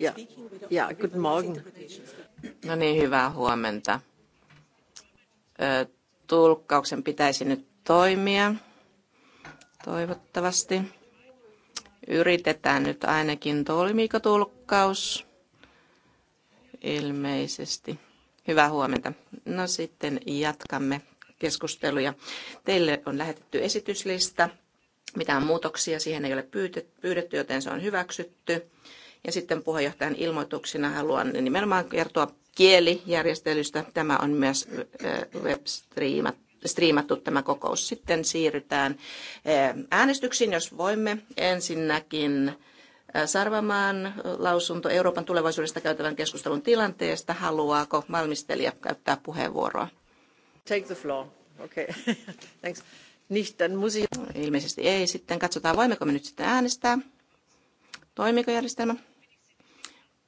Ja, ja good morning. No niin, hyvää huomenta. Tulkkauksen pitäisi nyt toimia, toivottavasti. Yritetään nyt ainakin toimiiko tulkkaus ilmeisesti. Hyvää huomenta. No sitten jatkamme keskusteluja. Teille on lähetetty esityslista. Mitään muutoksia siihen ei ole pyydetty, joten se on hyväksytty. Ja sitten puheenjohtajan ilmoituksena haluan nimenomaan kertoa kielijärjestelystä. Tämä on myös webstreamattu striimattu tämä kokous. Sitten siirrytään äänestyksiin, jos voimme. Ensinnäkin Sarvamaan lausunto Euroopan tulevaisuudesta käytävän keskustelun tilanteesta. Haluaako valmistelija käyttää puheenvuoroa? Take the floor. Okay. Thanks. Nicht, dann muss ich... No, ilmeisesti ei. Sitten katsotaan, voimmeko me nyt sitten äänestää. toimiko järjestelmä?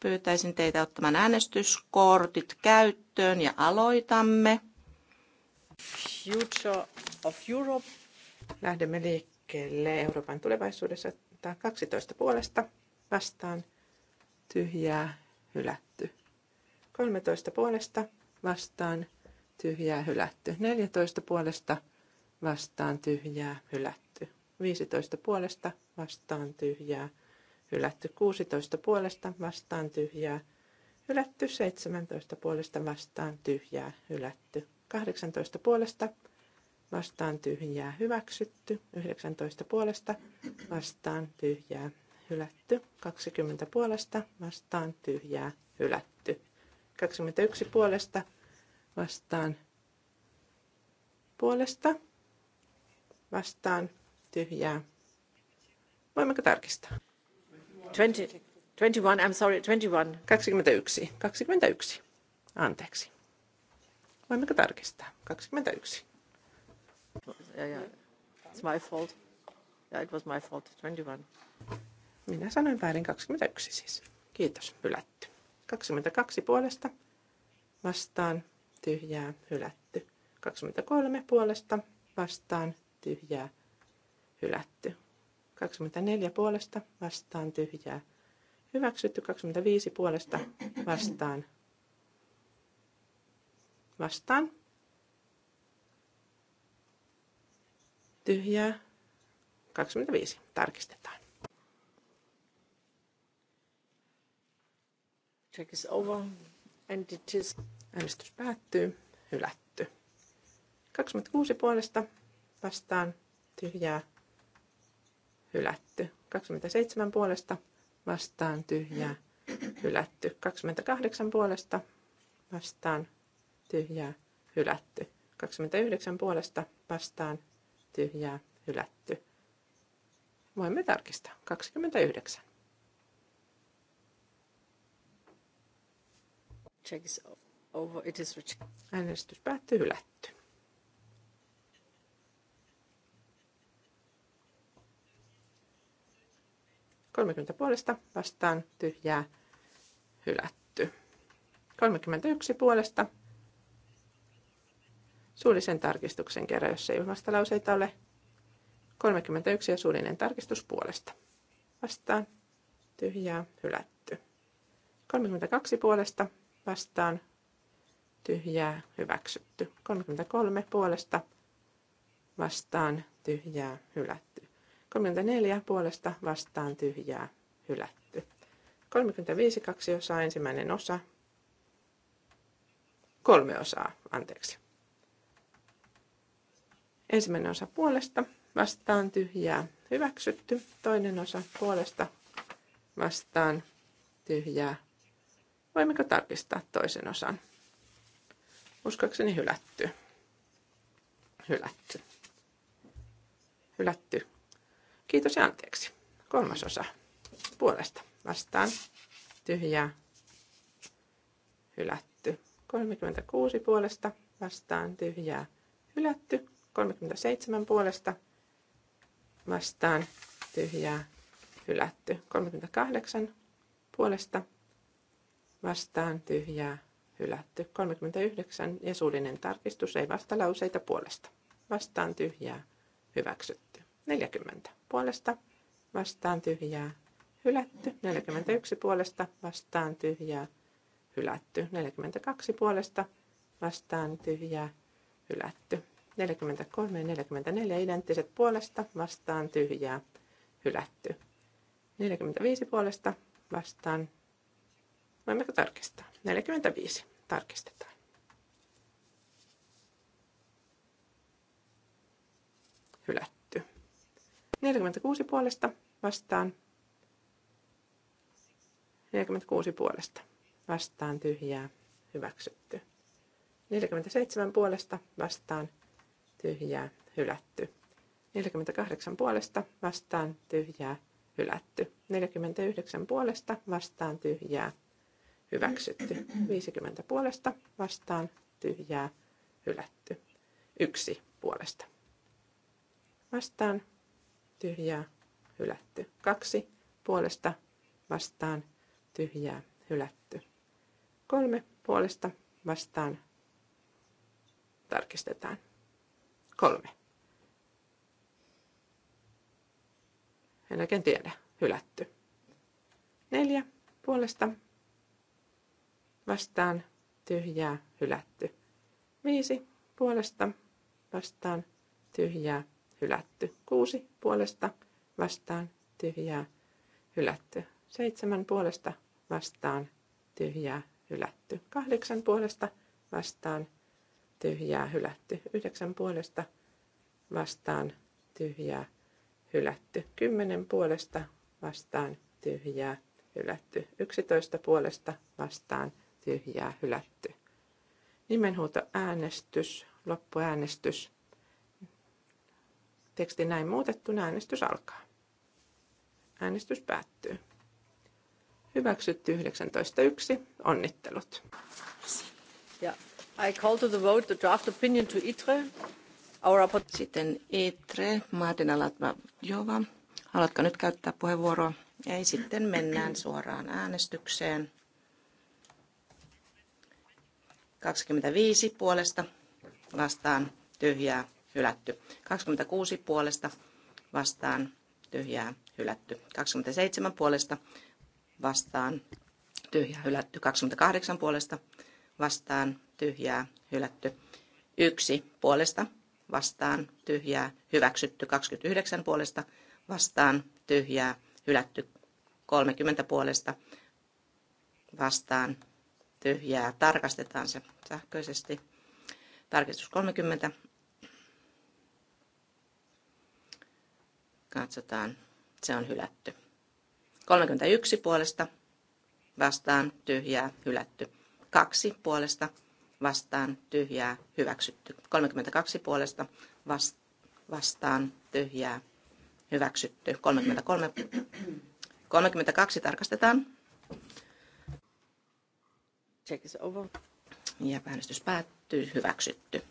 Pyytäisin teitä ottamaan äänestyskortit käyttöön ja aloitamme. Future of Europe. Lähdemme liikkeelle Euroopan tulevaisuudessa 12 puolesta vastaan tyhjää hylätty. 13 puolesta vastaan tyhjää hylätty. 14 puolesta vastaan tyhjää hylätty. 15 puolesta vastaan tyhjää hylätty 16 puolesta vastaan tyhjää, hylätty 17 puolesta vastaan tyhjää, hylätty 18 puolesta vastaan tyhjää, hyväksytty 19 puolesta vastaan tyhjää, hylätty 20 puolesta vastaan tyhjää, hylätty 21 puolesta vastaan puolesta vastaan tyhjää. Voimmeko tarkistaa? 21, I'm sorry, 21. 21, 21. Anteeksi. Voimmeko tarkistaa? 21. Yeah, yeah. It's my fault. Yeah, it was my fault. 21. Minä sanoin väärin 21 siis. Kiitos, hylätty. 22 puolesta vastaan tyhjää, hylätty. 23 puolesta vastaan tyhjää, hylätty. 24 puolesta vastaan tyhjää. Hyväksytty 25 puolesta vastaan. Vastaan. Tyhjää. 25. Tarkistetaan. Check is over. And it is... Äänestys päättyy. Hylätty. 26 puolesta vastaan tyhjää hylätty. 27 puolesta vastaan tyhjää hylätty. 28 puolesta vastaan tyhjää hylätty. 29 puolesta vastaan tyhjää hylätty. Voimme tarkistaa. 29. Check is over. It is Äänestys päättyy hylätty. 30 puolesta vastaan tyhjää hylätty. 31 puolesta suullisen tarkistuksen kerran, jos ei vastalauseita ole. 31 ja suullinen tarkistus puolesta. Vastaan tyhjää hylätty. 32 puolesta vastaan tyhjää hyväksytty. 33 puolesta vastaan tyhjää hylätty. 34 puolesta vastaan tyhjää hylätty. 35 kaksi osaa ensimmäinen osa. Kolme osaa, anteeksi. Ensimmäinen osa puolesta vastaan tyhjää hyväksytty. Toinen osa puolesta vastaan tyhjää. Voimmeko tarkistaa toisen osan? Uskoakseni hylätty. Hylätty. Hylätty Kiitos ja anteeksi. Kolmasosa puolesta vastaan. Tyhjää. Hylätty. 36 puolesta vastaan. Tyhjää. Hylätty. 37 puolesta vastaan. Tyhjää. Hylätty. 38 puolesta vastaan. Tyhjää. Hylätty. 39 ja suullinen tarkistus ei vastalauseita puolesta. Vastaan tyhjää. Hyväksytty. 40 puolesta vastaan tyhjää hylätty. 41 puolesta vastaan tyhjää hylätty. 42 puolesta vastaan tyhjää hylätty. 43 ja 44 identtiset puolesta vastaan tyhjää hylätty. 45 puolesta vastaan. Voimmeko tarkistaa? 45 tarkistetaan. Hylätty. 46 puolesta vastaan. 46 puolesta vastaan tyhjää hyväksytty. 47 puolesta vastaan tyhjää hylätty. 48 puolesta vastaan tyhjää hylätty. 49 puolesta vastaan tyhjää hyväksytty. 50 puolesta vastaan tyhjää hylätty. 1 puolesta vastaan tyhjää, hylätty. Kaksi puolesta vastaan tyhjää, hylätty. Kolme puolesta vastaan tarkistetaan. Kolme. En oikein tiedä. Hylätty. Neljä puolesta vastaan tyhjää, hylätty. Viisi puolesta vastaan tyhjää, hylätty. Kuusi puolesta vastaan tyhjää hylätty. Seitsemän puolesta vastaan tyhjää hylätty. Kahdeksan puolesta vastaan tyhjää hylätty. Yhdeksän puolesta vastaan tyhjää hylätty. Kymmenen puolesta vastaan tyhjää hylätty. Yksitoista puolesta vastaan tyhjää hylätty. Nimenhuuto äänestys, loppuäänestys. Teksti näin muutettuna äänestys alkaa. Äänestys päättyy. Hyväksytty 19.1. Onnittelut. Yeah. I call to the vote the draft opinion to ITRE. Our... Sitten ITRE, Martina Latva-Jova. Haluatko nyt käyttää puheenvuoroa? Ei, sitten mennään suoraan äänestykseen. 25 puolesta vastaan tyhjää hylätty. 26 puolesta vastaan tyhjää hylätty. 27 puolesta vastaan tyhjää hylätty. 28 puolesta vastaan tyhjää hylätty. 1 puolesta vastaan tyhjää hyväksytty. 29 puolesta vastaan tyhjää hylätty. 30 puolesta vastaan tyhjää. Tarkastetaan se sähköisesti. Tarkistus 30. Katsotaan. Se on hylätty. 31 puolesta vastaan tyhjää hylätty. 2 puolesta vastaan tyhjää hyväksytty. 32 puolesta vastaan tyhjää hyväksytty. 33. 32 tarkastetaan. Check is over. Ja äänestys päättyy. Hyväksytty.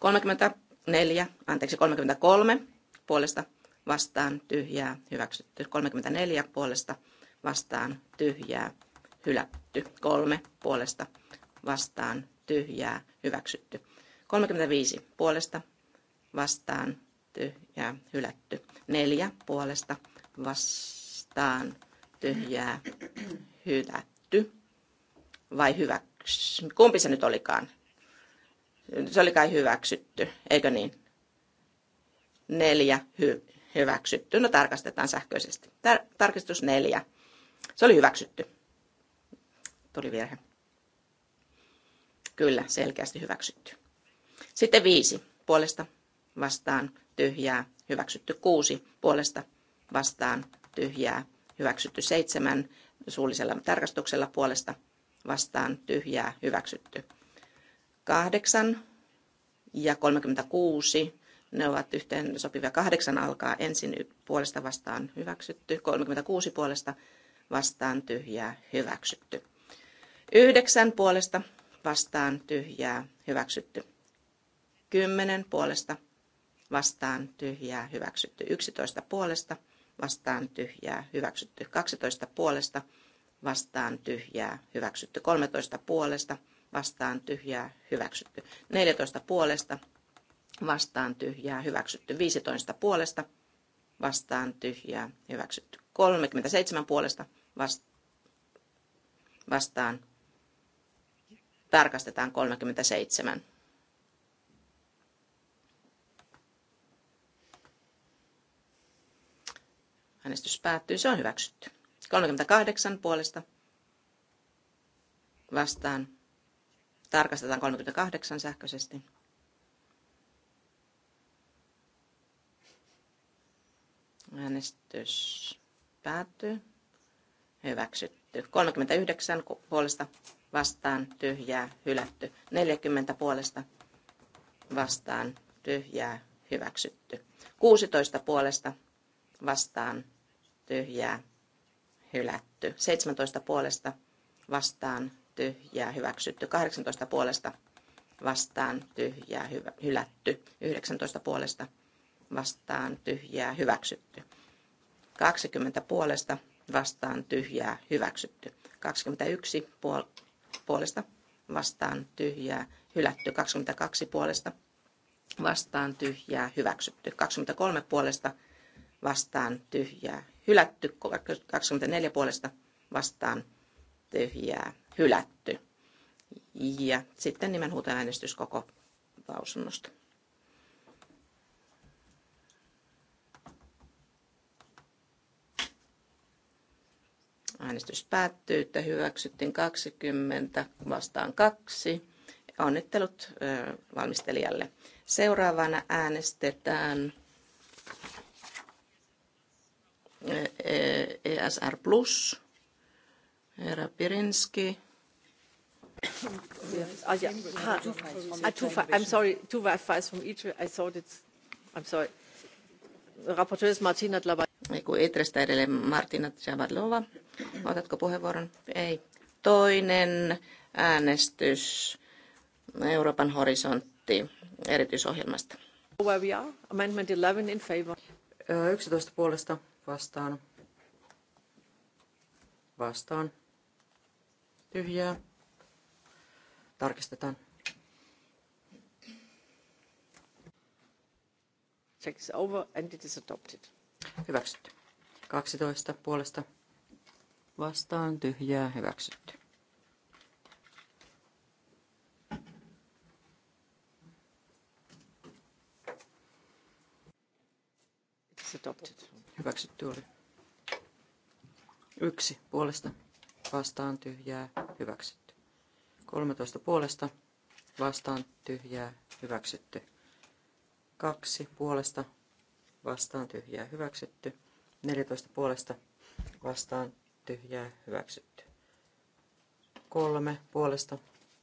34, anteeksi 33 puolesta vastaan tyhjää hyväksytty. 34 puolesta vastaan tyhjää hylätty. 3 puolesta vastaan tyhjää hyväksytty. 35 puolesta vastaan tyhjää hylätty. 4 puolesta vastaan tyhjää hylätty. Vai hyväksy? Kumpi se nyt olikaan? Se oli kai hyväksytty, eikö niin? Neljä hy- Hyväksytty. No tarkastetaan sähköisesti. Tar- tarkistus neljä. Se oli hyväksytty. Tuli virhe. Kyllä, selkeästi hyväksytty. Sitten viisi. Puolesta vastaan tyhjää. Hyväksytty kuusi. Puolesta vastaan tyhjää. Hyväksytty seitsemän. Suullisella tarkastuksella puolesta vastaan tyhjää. Hyväksytty kahdeksan ja 36 ne ovat yhteen sopivia. Kahdeksan alkaa ensin puolesta vastaan hyväksytty, 36 puolesta vastaan tyhjää hyväksytty. Yhdeksän puolesta vastaan tyhjää hyväksytty. Kymmenen puolesta vastaan tyhjää hyväksytty. Yksitoista puolesta vastaan tyhjää hyväksytty. Kaksitoista puolesta vastaan tyhjää hyväksytty. Kolmetoista puolesta vastaan tyhjää hyväksytty. Neljätoista puolesta vastaan tyhjää hyväksytty 15 puolesta, vastaan tyhjää hyväksytty 37 puolesta, vastaan tarkastetaan 37. Äänestys päättyy, se on hyväksytty. 38 puolesta vastaan. Tarkastetaan 38 sähköisesti. Äänestys päättyy. Hyväksytty. 39 puolesta vastaan tyhjää hylätty. 40 puolesta vastaan tyhjää hyväksytty. 16 puolesta vastaan tyhjää hylätty. 17 puolesta vastaan tyhjää hyväksytty. 18 puolesta vastaan tyhjää hylätty. 19 puolesta vastaan, vastaan tyhjää hyväksytty. 20 puolesta vastaan tyhjää hyväksytty. 21 puol- puolesta vastaan tyhjää hylätty. 22 puolesta vastaan tyhjää hyväksytty. 23 puolesta vastaan tyhjää hylätty. 24 puolesta vastaan tyhjää hylätty. Ja sitten nimenhuutoäänestys koko lausunnosta. Äänestys päättyy, että hyväksyttiin 20 vastaan 2. Onnittelut valmistelijalle. Seuraavana äänestetään ESR Plus, herra Pirinski. I'm sorry, two wi from each. I thought it's. I'm sorry. Rapporteur Martina Dlabajova. Niin Itrestä edelleen Martina Tsevadlova. Otatko puheenvuoron? Ei. Toinen äänestys Euroopan horisontti erityisohjelmasta. Where we are? Amendment 11 in favor. 11 puolesta vastaan. Vastaan. Tyhjää. Tarkistetaan. Check is over and it is adopted. Hyväksytty. 12 puolesta vastaan tyhjää hyväksytty. Hyväksytty oli. Yksi puolesta vastaan tyhjää hyväksytty. 13 puolesta vastaan tyhjää hyväksytty. Kaksi puolesta vastaan tyhjää hyväksytty. 14 puolesta vastaan tyhjää hyväksytty. 3 puolesta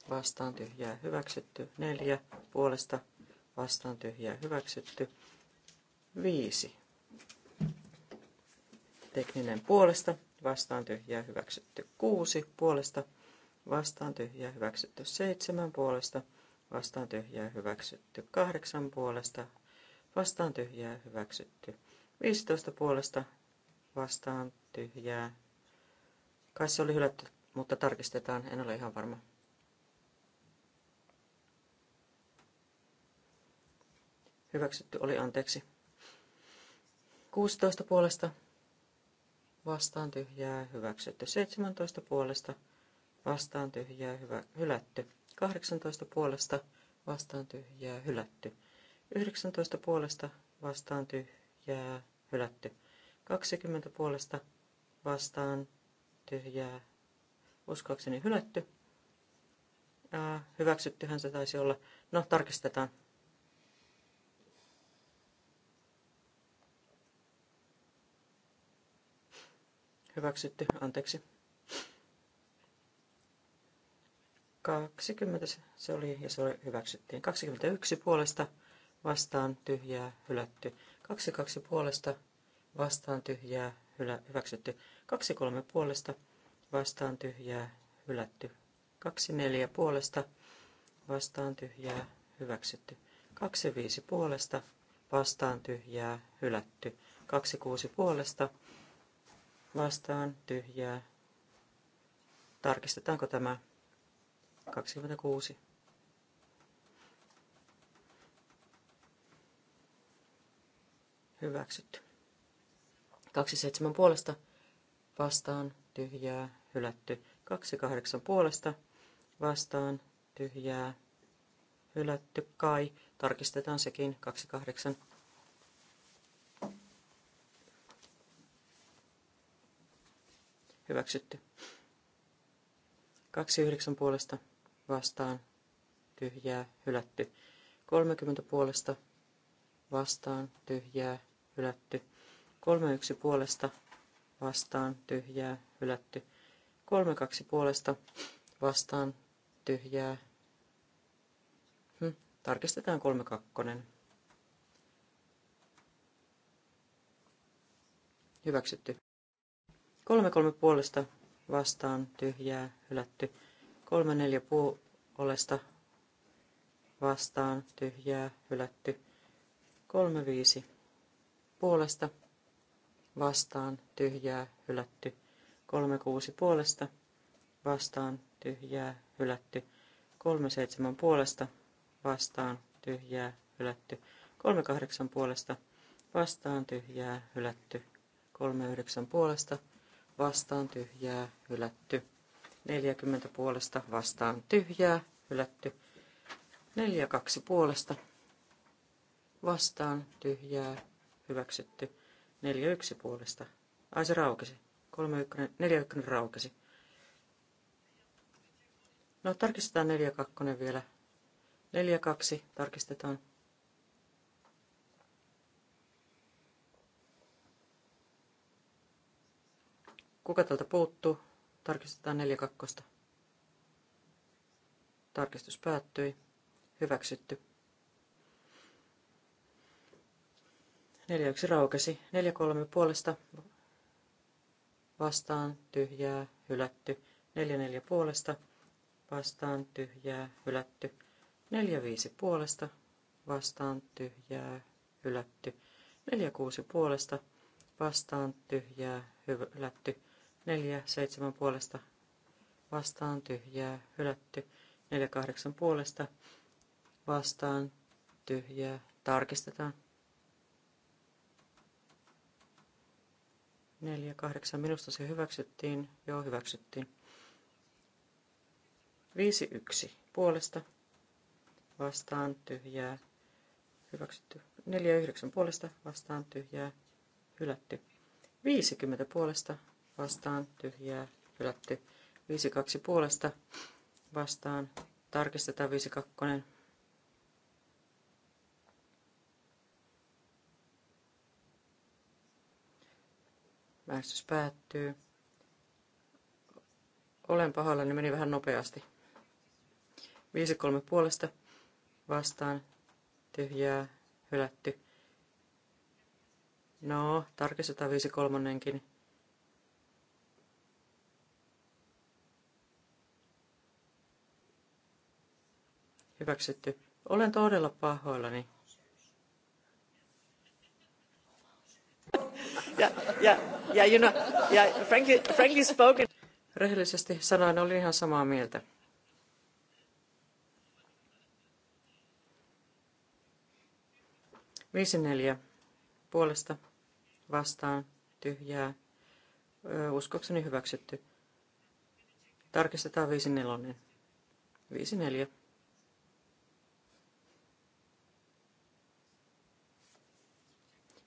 vastaan tyhjää hyväksytty. 4 puolesta vastaan tyhjää hyväksytty. 5 tekninen puolesta vastaan tyhjää hyväksytty. 6 puolesta vastaan tyhjää hyväksytty. 7 puolesta vastaan tyhjää hyväksytty. 8 puolesta vastaan tyhjää hyväksytty. 15 puolesta vastaan tyhjää. Kai se oli hylätty, mutta tarkistetaan, en ole ihan varma. Hyväksytty oli, anteeksi. 16 puolesta vastaan tyhjää hyväksytty. 17 puolesta vastaan tyhjää hyvä, hylätty. 18 puolesta vastaan tyhjää hylätty. 19 puolesta vastaan tyhjää hylätty. 20 puolesta vastaan tyhjää uskoakseni hylätty. Ää, hyväksyttyhän se taisi olla. No, tarkistetaan. Hyväksytty, anteeksi. 20 se oli ja se oli, hyväksyttiin. 21 puolesta vastaan tyhjää hylätty. kaksi puolesta vastaan tyhjää hylä, hyväksytty. 23 puolesta vastaan tyhjää hylätty. neljä puolesta vastaan tyhjää hyväksytty. 25 puolesta vastaan tyhjää hylätty. kuusi puolesta vastaan tyhjää. Tarkistetaanko tämä 26? Hyväksytty. 27 puolesta vastaan tyhjää hylätty. 28 puolesta vastaan tyhjää hylätty kai. Tarkistetaan sekin 28. Hyväksytty. 29 puolesta vastaan tyhjää hylätty. 30 puolesta vastaan tyhjää hylätty. yksi puolesta vastaan tyhjää hylätty. kaksi puolesta vastaan tyhjää. Hm. Tarkistetaan kakkonen Hyväksytty. kolme puolesta vastaan tyhjää hylätty. neljä puolesta vastaan tyhjää hylätty. viisi puolesta vastaan tyhjää hylätty. 36 puolesta vastaan tyhjää hylätty. 37 puolesta vastaan tyhjää hylätty. 38 puolesta vastaan tyhjää hylätty. 39 puolesta vastaan tyhjää hylätty. 40 puolesta vastaan tyhjää hylätty. 42 puolesta vastaan tyhjää hyväksytty. 4-1 puolesta. Ai se raukesi. 4-1 raukesi. No tarkistetaan 4-2 vielä. 4-2 tarkistetaan. Kuka tältä puuttuu? Tarkistetaan 4-2. Tarkistus päättyi. Hyväksytty. Neljä yksi raukesi. Neljä kolme puolesta vastaan tyhjää hylätty. Neljä neljä puolesta vastaan tyhjää hylätty. Neljä viisi puolesta vastaan tyhjää hylätty. Neljä kuusi puolesta vastaan tyhjää hylätty. Neljä seitsemän puolesta vastaan tyhjää hylätty. Neljä kahdeksan puolesta vastaan tyhjää tarkistetaan. 48 8. Minusta se hyväksyttiin. Joo, hyväksyttiin. 51 Puolesta. Vastaan tyhjää. Hyväksytty. 49 Puolesta. Vastaan tyhjää. Hylätty. 50 puolesta. Vastaan tyhjää. Hylätty. 52 puolesta. Vastaan. Tarkistetaan 52. Äänestys päättyy. Olen pahalla niin meni vähän nopeasti. 5-3 puolesta vastaan tyhjää hylätty. No, tarkistetaan 5 kolmannenkin. Hyväksytty. Olen todella pahoillani. yeah, yeah, yeah, you know, yeah, frankly, frankly spoken. Rehellisesti sanoen olin ihan samaa mieltä. Viisi neljä puolesta vastaan tyhjää. Uskokseni hyväksytty. Tarkistetaan viisi nelonen. Viisi neljä.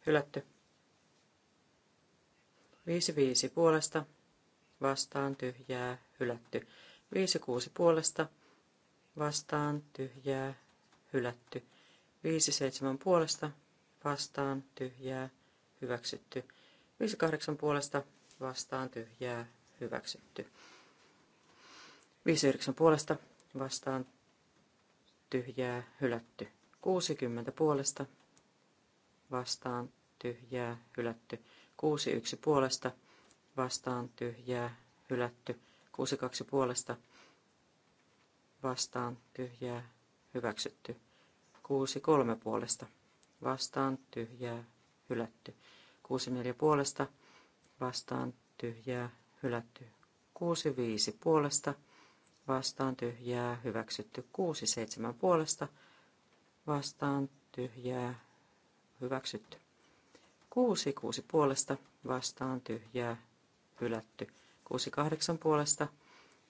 Hylätty. Viisi viisi puolesta, vastaan tyhjää, hylätty. Viisi kuusi puolesta, vastaan tyhjää, hylätty. Viisi seitsemän puolesta, vastaan tyhjää, hyväksytty. Viisi kahdeksan puolesta, vastaan tyhjää, hyväksytty. Viisi 9 puolesta, vastaan tyhjää, hylätty. 60 puolesta, vastaan tyhjää, hylätty. 6 1 puolesta vastaan tyhjää hylätty. 6 2 puolesta vastaan tyhjää hyväksytty. 6 3 puolesta vastaan tyhjää hylätty. 6 4 puolesta vastaan tyhjää hylätty. 6 5 puolesta vastaan tyhjää hyväksytty. 6 7 puolesta vastaan tyhjää hyväksytty. 6, 6 puolesta vastaan tyhjää hylätty. 6, 8 puolesta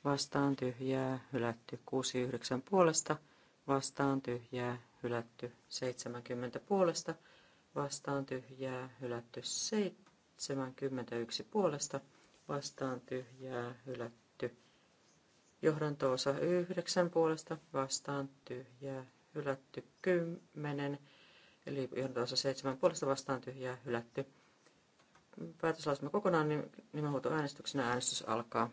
vastaan tyhjää hylätty. 6, 9 puolesta vastaan tyhjää hylätty. 70 puolesta vastaan tyhjää hylätty. 71 puolesta vastaan tyhjää hylätty. Johdantoosa 9 puolesta vastaan tyhjää hylätty. 10 Eli johdossa 7 puolesta vastaan tyhjää hylätty. Päätöslausuma kokonaan niin nimenhuutoäänestyksenä äänestys alkaa.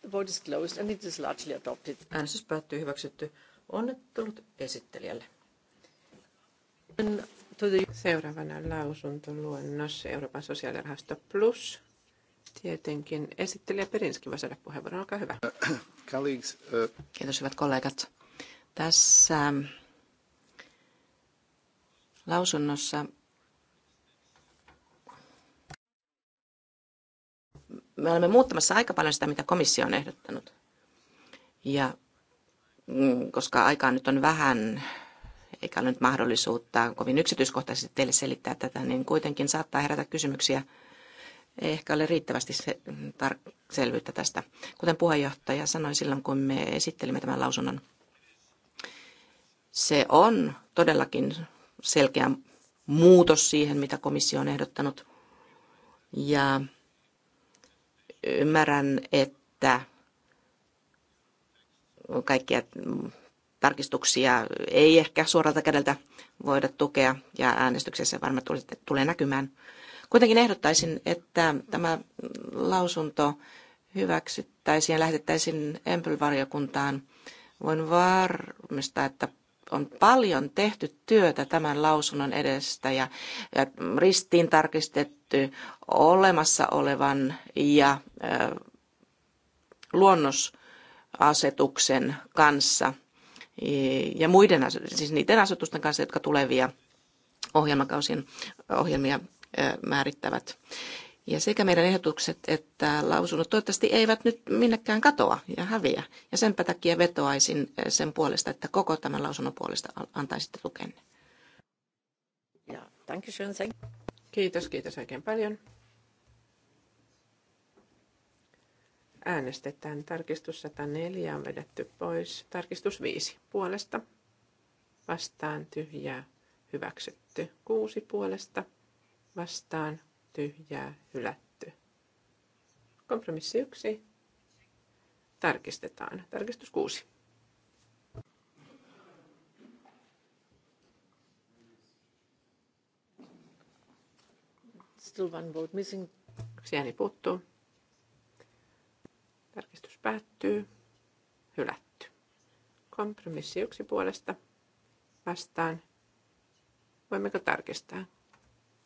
The vote is closed and it is largely adopted. Äänestys päättyy hyväksytty. Onnittelut esittelijälle. Seuraavana lausuntoluonnos Euroopan sosiaalirahasto Plus. Tietenkin esittelijä Perinski voi saada puheenvuoron. Olkaa hyvä. Uh, Kiitos hyvät kollegat. Tässä ähm, lausunnossa me olemme muuttamassa aika paljon sitä, mitä komissio on ehdottanut. Ja mm, koska aikaa nyt on vähän, eikä ole nyt mahdollisuutta kovin yksityiskohtaisesti teille selittää tätä, niin kuitenkin saattaa herätä kysymyksiä. Ei ehkä ole riittävästi se, tar- selvyyttä tästä. Kuten puheenjohtaja sanoi silloin, kun me esittelimme tämän lausunnon – se on todellakin selkeä muutos siihen, mitä komissio on ehdottanut. Ja ymmärrän, että kaikkia tarkistuksia ei ehkä suoralta kädeltä voida tukea, ja äänestyksessä varmaan tulee näkymään. Kuitenkin ehdottaisin, että tämä lausunto hyväksyttäisiin ja lähetettäisiin Empel-valiokuntaan. Voin varmistaa, että on paljon tehty työtä tämän lausunnon edestä ja ristiin tarkistettu olemassa olevan ja luonnosasetuksen kanssa ja muiden, siis niiden asetusten kanssa, jotka tulevia ohjelmakausien ohjelmia määrittävät. Ja sekä meidän ehdotukset että lausunnot toivottavasti eivät nyt minnekään katoa ja häviä. Ja sen takia vetoaisin eh, sen puolesta, että koko tämän lausunnon puolesta antaisitte tukenne. Ja, kiitos, kiitos oikein paljon. Äänestetään. Tarkistus 104 on vedetty pois. Tarkistus 5 puolesta. Vastaan tyhjää. Hyväksytty. 6 puolesta. Vastaan tyhjää, hylätty. Kompromissi yksi. Tarkistetaan. Tarkistus kuusi Still one vote missing. Yksi ääni puuttuu. Tarkistus päättyy. Hylätty. Kompromissi yksi puolesta. Vastaan. Voimmeko tarkistaa?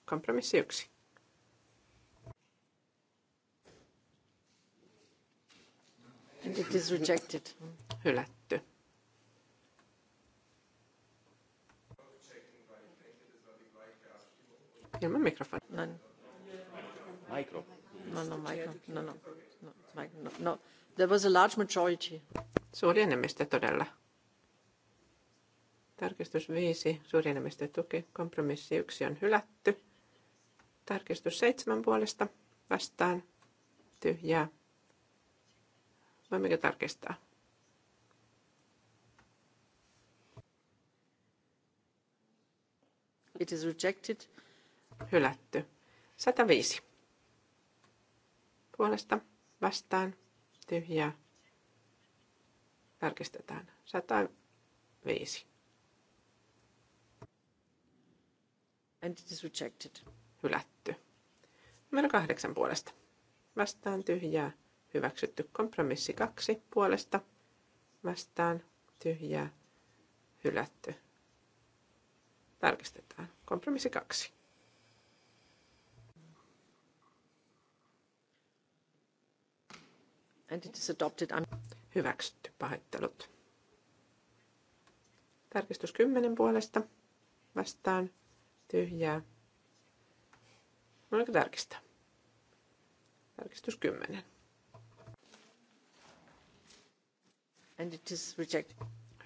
Kompromissi yksi. It is rejected. Hylätty. Ilman mikrofoni. Nein. Mikro. No, no, mikro. No no, no, no. No, no, no. There was a large majority. Suuri enemmistö todella. Tarkistus 5, suuri enemmistö tuki. Kompromissi 1 on hylätty. Tarkistus 7 puolesta vastaan tyhjää Voimmeko tarkistaa? It is rejected. Hylätty. 105. Puolesta vastaan tyhjää. Tarkistetaan. 105. And it is rejected. Hylätty. Numero kahdeksan puolesta. Vastaan tyhjää hyväksytty. Kompromissi kaksi puolesta vastaan tyhjää hylätty. Tarkistetaan. Kompromissi kaksi. And it is adopted. Hyväksytty pahoittelut. Tarkistus 10 puolesta vastaan tyhjää. Voinko tarkistaa? Tarkistus 10. and it is reject.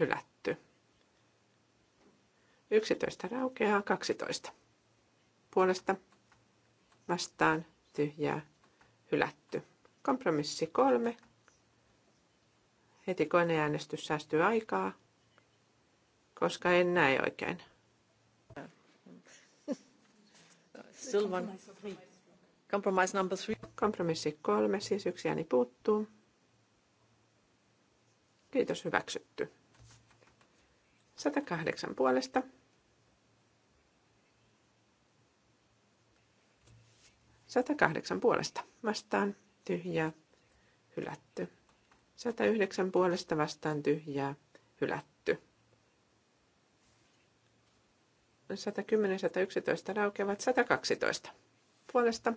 Hylätty. 11 raukeaa 12. Puolesta vastaan tyhjää hylätty. Kompromissi 3. Heti koneäänestys säästyy aikaa, koska en näe oikein. Still Kompromissi kolme, siis yksi ääni puuttuu. Kiitos, hyväksytty. 108 puolesta. Sata kahdeksan puolesta vastaan tyhjää, hylätty. 109 puolesta vastaan tyhjää, hylätty. 110, 111 raukeavat 112. Puolesta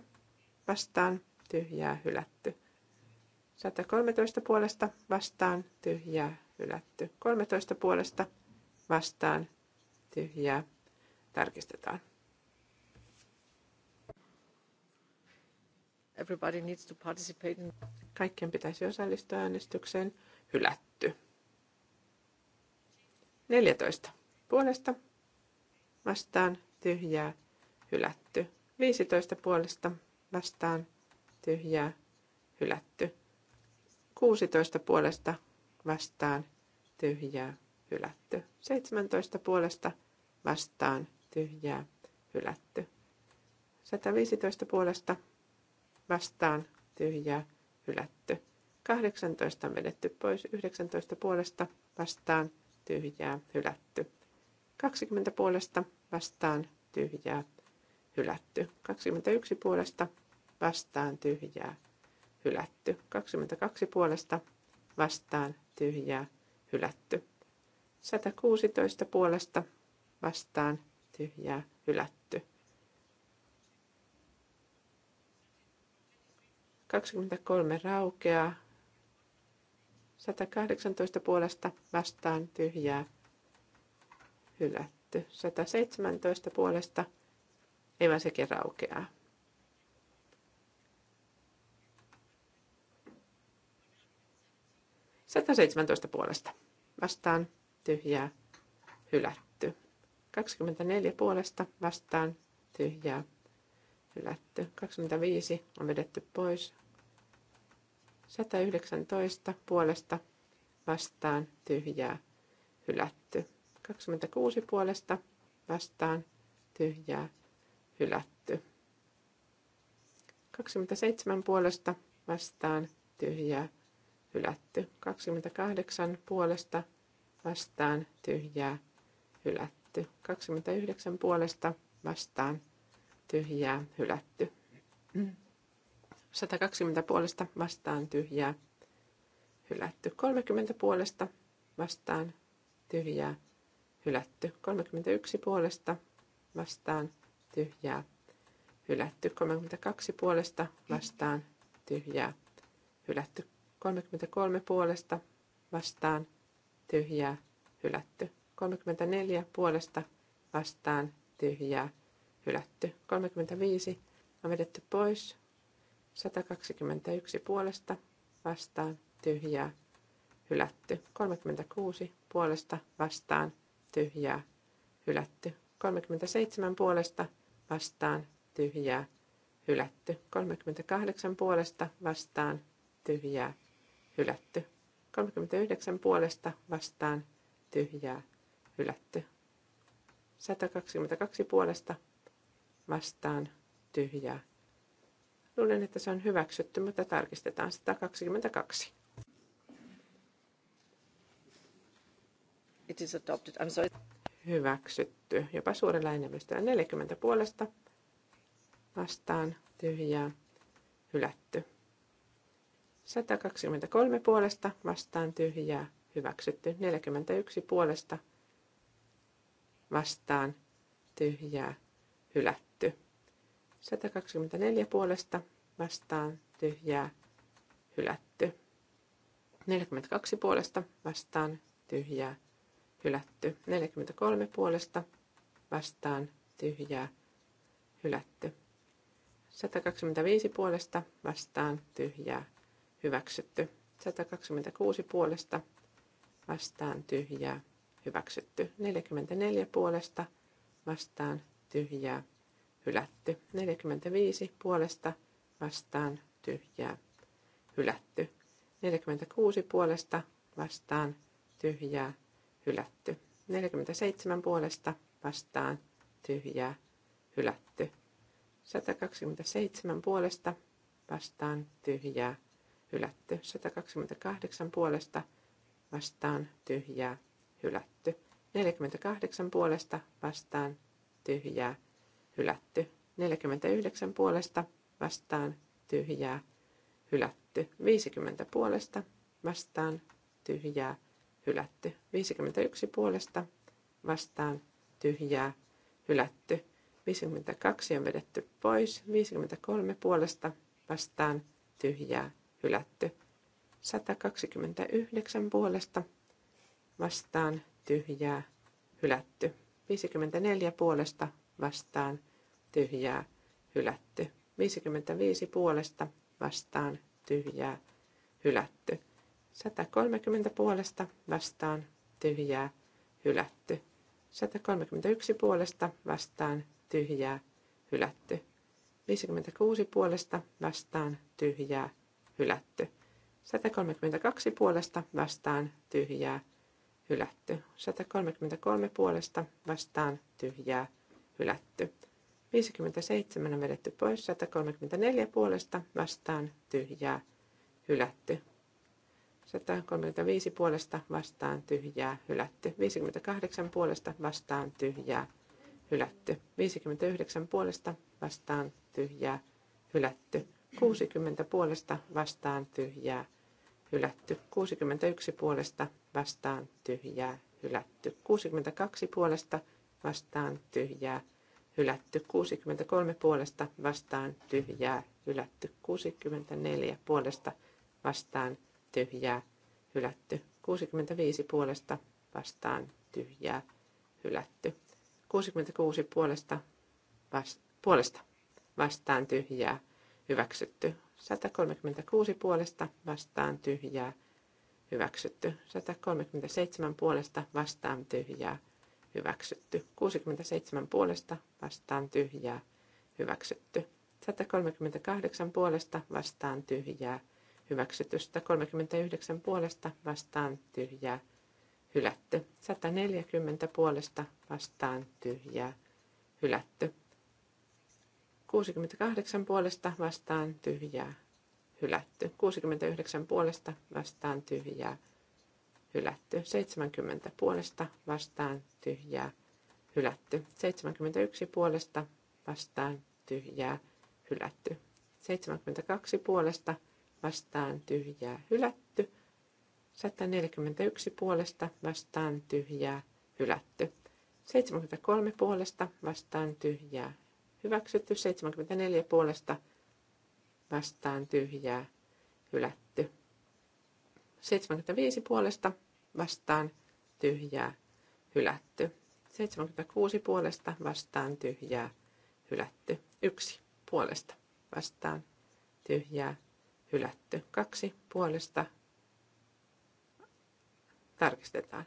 vastaan tyhjää, hylätty. 113 puolesta vastaan tyhjää hylätty. 13 puolesta vastaan tyhjää tarkistetaan. Everybody needs to participate in... Kaikkien pitäisi osallistua äänestykseen. Hylätty. 14. Puolesta vastaan tyhjää hylätty. 15 puolesta vastaan tyhjää hylätty. 16 puolesta vastaan tyhjää hylätty. 17 puolesta vastaan tyhjää hylätty. 115 puolesta vastaan tyhjää hylätty. 18 on vedetty pois, 19 puolesta vastaan tyhjää hylätty. 20 puolesta vastaan tyhjää hylätty. 21 puolesta vastaan tyhjää hylätty. 22 puolesta vastaan tyhjää hylätty. 116 puolesta vastaan tyhjää hylätty. 23 raukeaa. 118 puolesta vastaan tyhjää hylätty. 117 puolesta ei vaan sekin raukeaa. 117 puolesta. Vastaan tyhjää hylätty. 24 puolesta vastaan tyhjää hylätty. 25 on vedetty pois. 119 puolesta vastaan tyhjää hylätty. 26 puolesta vastaan tyhjää hylätty. 27 puolesta vastaan tyhjää hylätty. 28 puolesta vastaan tyhjää hylätty. 29 puolesta vastaan tyhjää hylätty. 120 puolesta vastaan tyhjää hylätty. 30 puolesta vastaan tyhjää hylätty. 31 puolesta vastaan tyhjää hylätty. 32 puolesta vastaan tyhjää hylätty. 33 puolesta vastaan tyhjää hylätty. 34 puolesta vastaan tyhjää hylätty. 35 on vedetty pois. 121 puolesta vastaan tyhjää hylätty. 36 puolesta vastaan tyhjää hylätty. 37 puolesta vastaan tyhjää hylätty. 38 puolesta vastaan tyhjää hylätty hylätty. 39 puolesta vastaan tyhjää hylätty. 122 puolesta vastaan tyhjää. Luulen, että se on hyväksytty, mutta tarkistetaan 122. It is adopted. I'm sorry. Hyväksytty. Jopa suurella enemmistöllä 40 puolesta vastaan tyhjää hylätty. 123 puolesta vastaan tyhjää hyväksytty. 41 puolesta vastaan tyhjää hylätty. 124 puolesta vastaan tyhjää hylätty. 42 puolesta vastaan tyhjää hylätty. 43 puolesta vastaan tyhjää hylätty. 125 puolesta vastaan tyhjää hyväksytty. 126 puolesta vastaan tyhjää, hyväksytty. 44 puolesta vastaan tyhjää, hylätty. 45 puolesta vastaan tyhjää, hylätty. 46 puolesta vastaan tyhjää, hylätty. 47 puolesta vastaan tyhjää, hylätty. 127 puolesta vastaan tyhjää, hylätty. 128 puolesta vastaan tyhjää hylätty. 48 puolesta vastaan tyhjää hylätty. 49 puolesta vastaan tyhjää hylätty. 50 puolesta vastaan tyhjää hylätty. 51 puolesta vastaan tyhjää hylätty. 52 on vedetty pois. 53 puolesta vastaan tyhjää hylätty. 129 puolesta vastaan tyhjää hylätty. 54 puolesta vastaan tyhjää hylätty. 55 puolesta vastaan tyhjää hylätty. 130 puolesta vastaan tyhjää hylätty. 131 puolesta vastaan tyhjää hylätty. 56 puolesta vastaan tyhjää hylätty hylätty. 132 puolesta vastaan tyhjää hylätty. 133 puolesta vastaan tyhjää hylätty. 57 on vedetty pois, 134 puolesta vastaan tyhjää hylätty. 135 puolesta vastaan tyhjää hylätty. 58 puolesta vastaan tyhjää hylätty. 59 puolesta vastaan tyhjää hylätty. 60 puolesta vastaan tyhjää hylätty. 61 puolesta vastaan tyhjää hylätty. 62 puolesta vastaan tyhjää hylätty. 63 puolesta vastaan tyhjää hylätty. 64 puolesta vastaan tyhjää hylätty. 65 puolesta vastaan tyhjää hylätty. 66 puolesta, vas, puolesta vastaan tyhjää hyväksytty. 136 puolesta vastaan tyhjää, hyväksytty. 137 puolesta vastaan tyhjää, hyväksytty. 67 puolesta vastaan tyhjää, hyväksytty. 138 puolesta vastaan tyhjää, hyväksytty. 139 puolesta vastaan tyhjää, hylätty. 140 puolesta vastaan tyhjää, hylätty. 68 puolesta vastaan tyhjää hylätty. 69 puolesta vastaan tyhjää hylätty. 70 puolesta vastaan tyhjää hylätty. 71 puolesta vastaan tyhjää hylätty. 72 puolesta vastaan tyhjää hylätty. 141 puolesta vastaan tyhjää hylätty. 73 puolesta vastaan tyhjää hyväksytty, 74 puolesta vastaan tyhjää, hylätty. 75 puolesta vastaan tyhjää, hylätty. 76 puolesta vastaan tyhjää, hylätty. 1 puolesta vastaan tyhjää, hylätty. 2 puolesta tarkistetaan.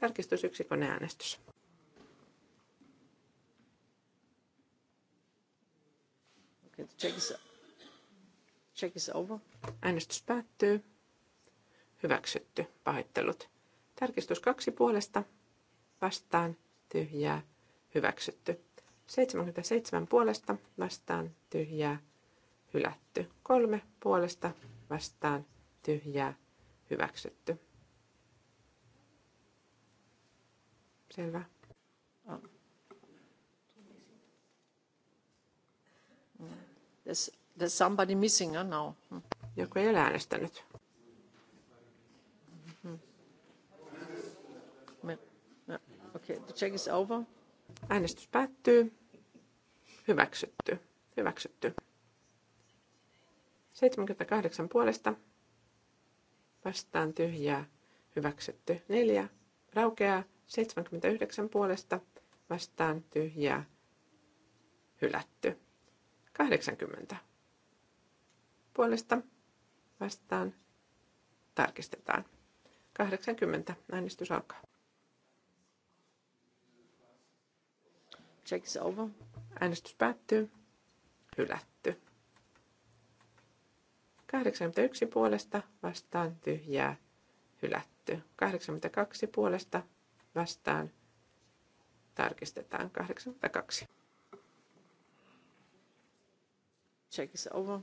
Tarkistus yksikön äänestys. Äänestys päättyy. Hyväksytty. Pahoittelut. Tarkistus kaksi puolesta. Vastaan. Tyhjää. Hyväksytty. 77 puolesta. Vastaan. Tyhjää. Hylätty. Kolme puolesta. Vastaan. Tyhjää. Hyväksytty. Selvä. There's, there's somebody missing huh, now. Hmm. Joku ei ole äänestänyt. Mm okay, the check is over. Äänestys päättyy. Hyväksytty. Hyväksytty. 78 puolesta. Vastaan tyhjää. Hyväksytty. 4. Raukeaa. 79 puolesta. Vastaan tyhjää. Hylätty. 80 puolesta vastaan tarkistetaan. 80 äänestys alkaa. Check is over. Äänestys päättyy. Hylätty. 81 puolesta vastaan tyhjää. Hylätty. 82 puolesta vastaan tarkistetaan. 82. Check is over.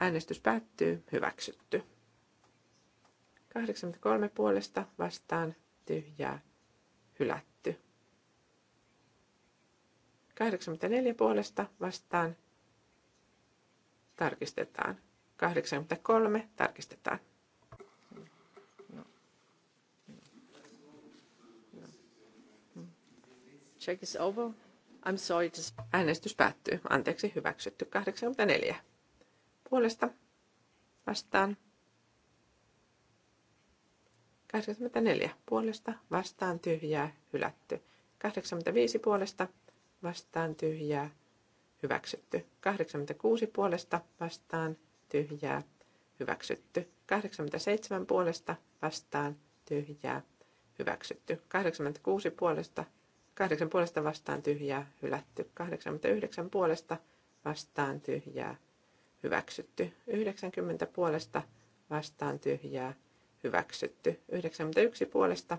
Äänestys päättyy. Hyväksytty. 83 puolesta vastaan tyhjää hylätty. 84 puolesta vastaan tarkistetaan. 83 tarkistetaan. Check is over. I'm sorry to... Äänestys päättyy. Anteeksi, hyväksytty. 84. Puolesta vastaan. 84 puolesta vastaan tyhjää hylätty. 85 puolesta vastaan tyhjää hyväksytty. 86 puolesta vastaan tyhjää hyväksytty. 87 puolesta vastaan tyhjää hyväksytty. 86 puolesta 8 puolesta vastaan tyhjää hylätty. 89 puolesta vastaan tyhjää hyväksytty. 90 puolesta vastaan tyhjää hyväksytty. 91 puolesta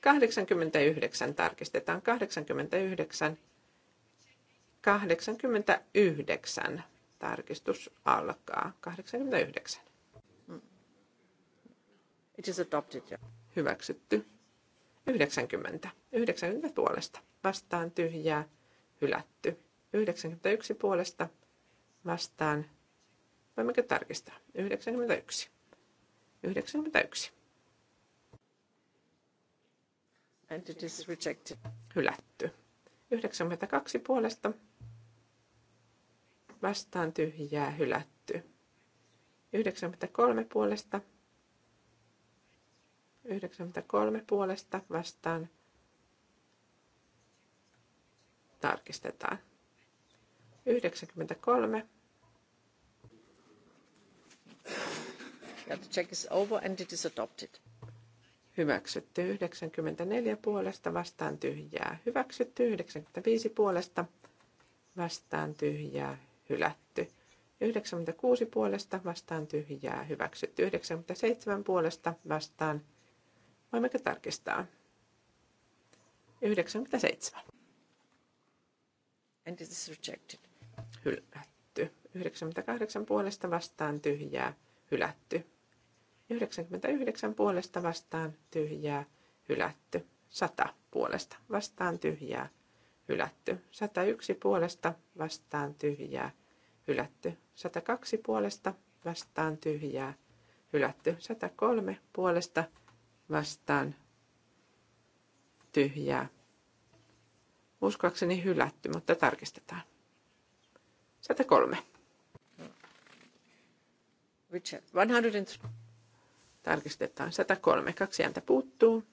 Kahdeksankymmentäyhdeksän tarkistetaan. Kahdeksankymmentäyhdeksän. Kahdeksankymmentäyhdeksän tarkistus alkaa. Kahdeksankymmentäyhdeksän. It is adopted. Hyväksytty. 90. 90 puolesta. Vastaan tyhjää. Hylätty. 91 puolesta. Vastaan. Voimmeko tarkistaa? 91. 91. And it is rejected. Hylätty. 92 puolesta. Vastaan tyhjää. Hylätty. 93 puolesta 93 puolesta vastaan tarkistetaan. 93. Ja the check is over and it is adopted. Hyväksytty 94 puolesta vastaan tyhjää. Hyväksytty 95 puolesta vastaan tyhjää. Hylätty 96 puolesta vastaan tyhjää. Hyväksytty 97 puolesta vastaan tyhjää Voimmeko tarkistaa? 97. And it is rejected. Hylätty. 98 puolesta vastaan tyhjää. Hylätty. 99 puolesta vastaan tyhjää. Hylätty. 100 puolesta vastaan tyhjää. Hylätty. 101 puolesta vastaan tyhjää. Hylätty. 102 puolesta vastaan tyhjää. Hylätty. 103 puolesta tyhjää vastaan tyhjää. Uskoakseni hylätty, mutta tarkistetaan. 103. Richard, 100. Tarkistetaan 103. Kaksi ääntä puuttuu.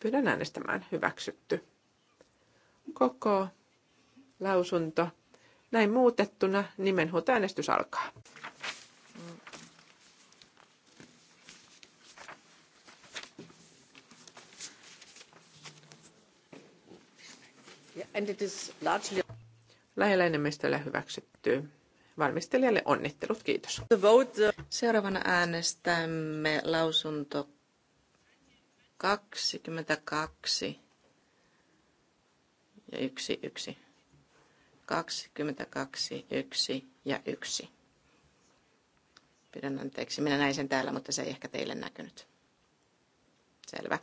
Pyydän äänestämään hyväksytty. Koko lausunto. Näin muutettuna äänestys alkaa. Lähellä enemmistöllä hyväksytty. Valmistelijalle onnittelut, kiitos. The vote, uh, Seuraavana äänestämme lausunto 22 ja 1, 1. 22, 1 ja 1. Pidän anteeksi, minä näin sen täällä, mutta se ei ehkä teille näkynyt. Selvä.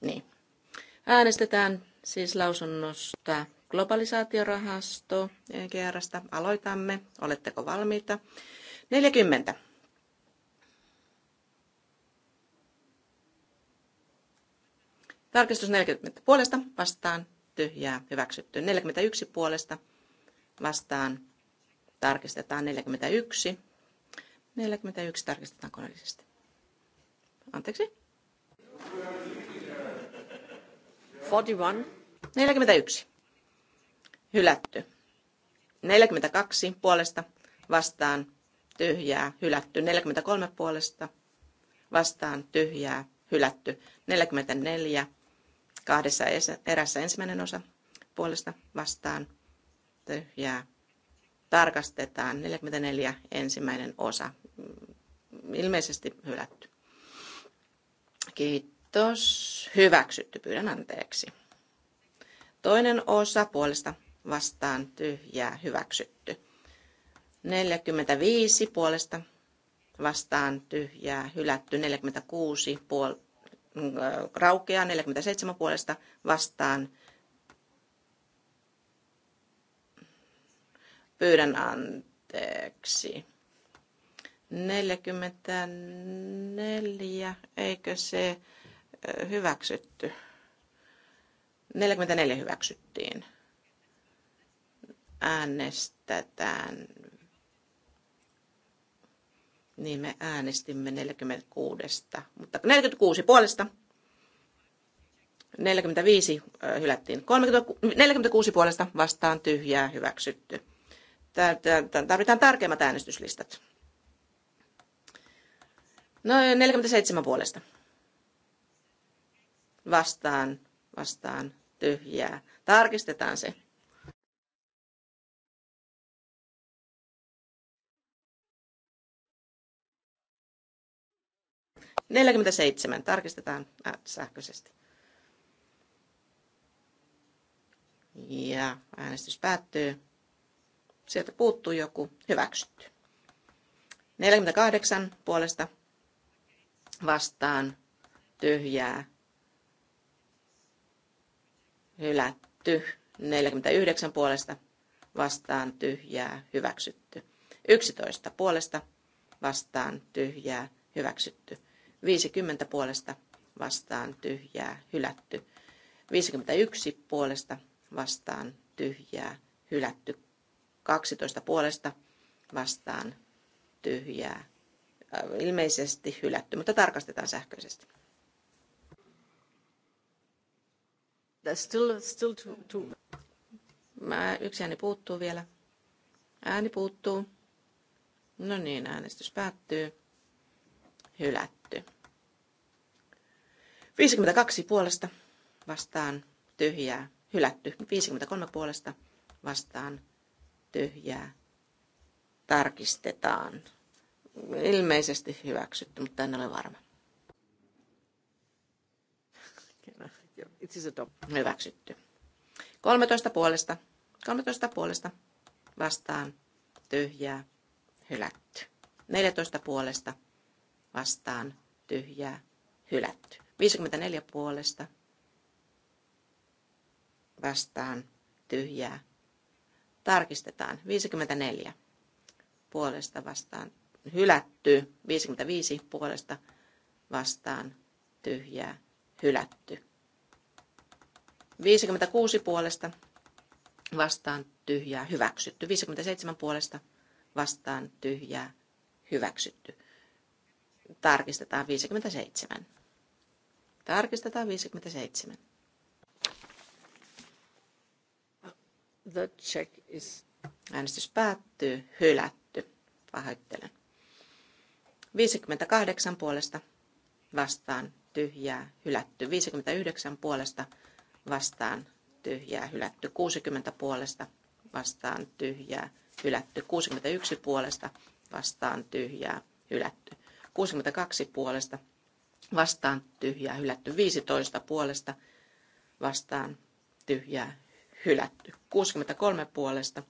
Niin. Äänestetään siis lausunnosta globalisaatiorahasto EGRstä. Aloitamme. Oletteko valmiita? 40. Tarkistus 40 puolesta vastaan tyhjää hyväksytty. 41 puolesta vastaan tarkistetaan 41. 41 tarkistetaan koneellisesti. Anteeksi? 41. 41. Hylätty. 42 puolesta vastaan tyhjää, hylätty. 43 puolesta vastaan tyhjää, hylätty. 44 kahdessa erässä ensimmäinen osa puolesta vastaan tyhjää. Tarkastetaan 44 ensimmäinen osa. Ilmeisesti hylätty. Kiitos. Hyväksytty. Pyydän anteeksi. Toinen osa puolesta vastaan tyhjää hyväksytty. 45 puolesta vastaan tyhjää hylätty. 46 puol- äh, raukeaa. 47 puolesta vastaan pyydän anteeksi. 44, eikö se äh, hyväksytty? 44 hyväksyttiin. Äänestetään. Niin me äänestimme 46, mutta 46 puolesta. 45 hylättiin. 30, 46 puolesta vastaan tyhjää hyväksytty. Tarvitaan tarkemmat äänestyslistat. No 47 puolesta. Vastaan, vastaan tyhjää. Tarkistetaan se. Neljäkymmentä seitsemän Tarkistetaan sähköisesti. Ja äänestys päättyy. Sieltä puuttuu joku. Hyväksytty. 48 puolesta vastaan tyhjää hylätty. 49 puolesta vastaan tyhjää hyväksytty. 11 puolesta vastaan tyhjää hyväksytty. 50 puolesta vastaan tyhjää hylätty. 51 puolesta vastaan tyhjää hylätty. 12 puolesta vastaan tyhjää äh, ilmeisesti hylätty, mutta tarkastetaan sähköisesti. still, still to, to. Mä, yksi ääni puuttuu vielä. Ääni puuttuu. No niin, äänestys päättyy. Hylätty. 52 puolesta vastaan tyhjää. Hylätty. 53 puolesta vastaan tyhjää. Tarkistetaan. Ilmeisesti hyväksytty, mutta en ole varma. Kerran. It is adopted. Hyväksytty. 13 puolesta. 13 puolesta. Vastaan. Tyhjää. Hylätty. 14 puolesta. Vastaan. Tyhjää. Hylätty. 54 puolesta. Vastaan. Tyhjää. Tarkistetaan. 54 puolesta vastaan. Hylätty. 55 puolesta vastaan. Tyhjää. Hylätty. 56 puolesta vastaan tyhjää hyväksytty. 57 puolesta vastaan tyhjää hyväksytty. Tarkistetaan 57. Tarkistetaan 57. The check is... Äänestys päättyy, hylätty. Pahoittelen. 58 puolesta vastaan tyhjää, hylätty. 59 puolesta vastaan tyhjää hylätty 60 puolesta vastaan tyhjää hylätty 61 puolesta vastaan tyhjää hylätty 62 puolesta vastaan tyhjää hylätty 15 puolesta vastaan tyhjää hylätty 63 puolesta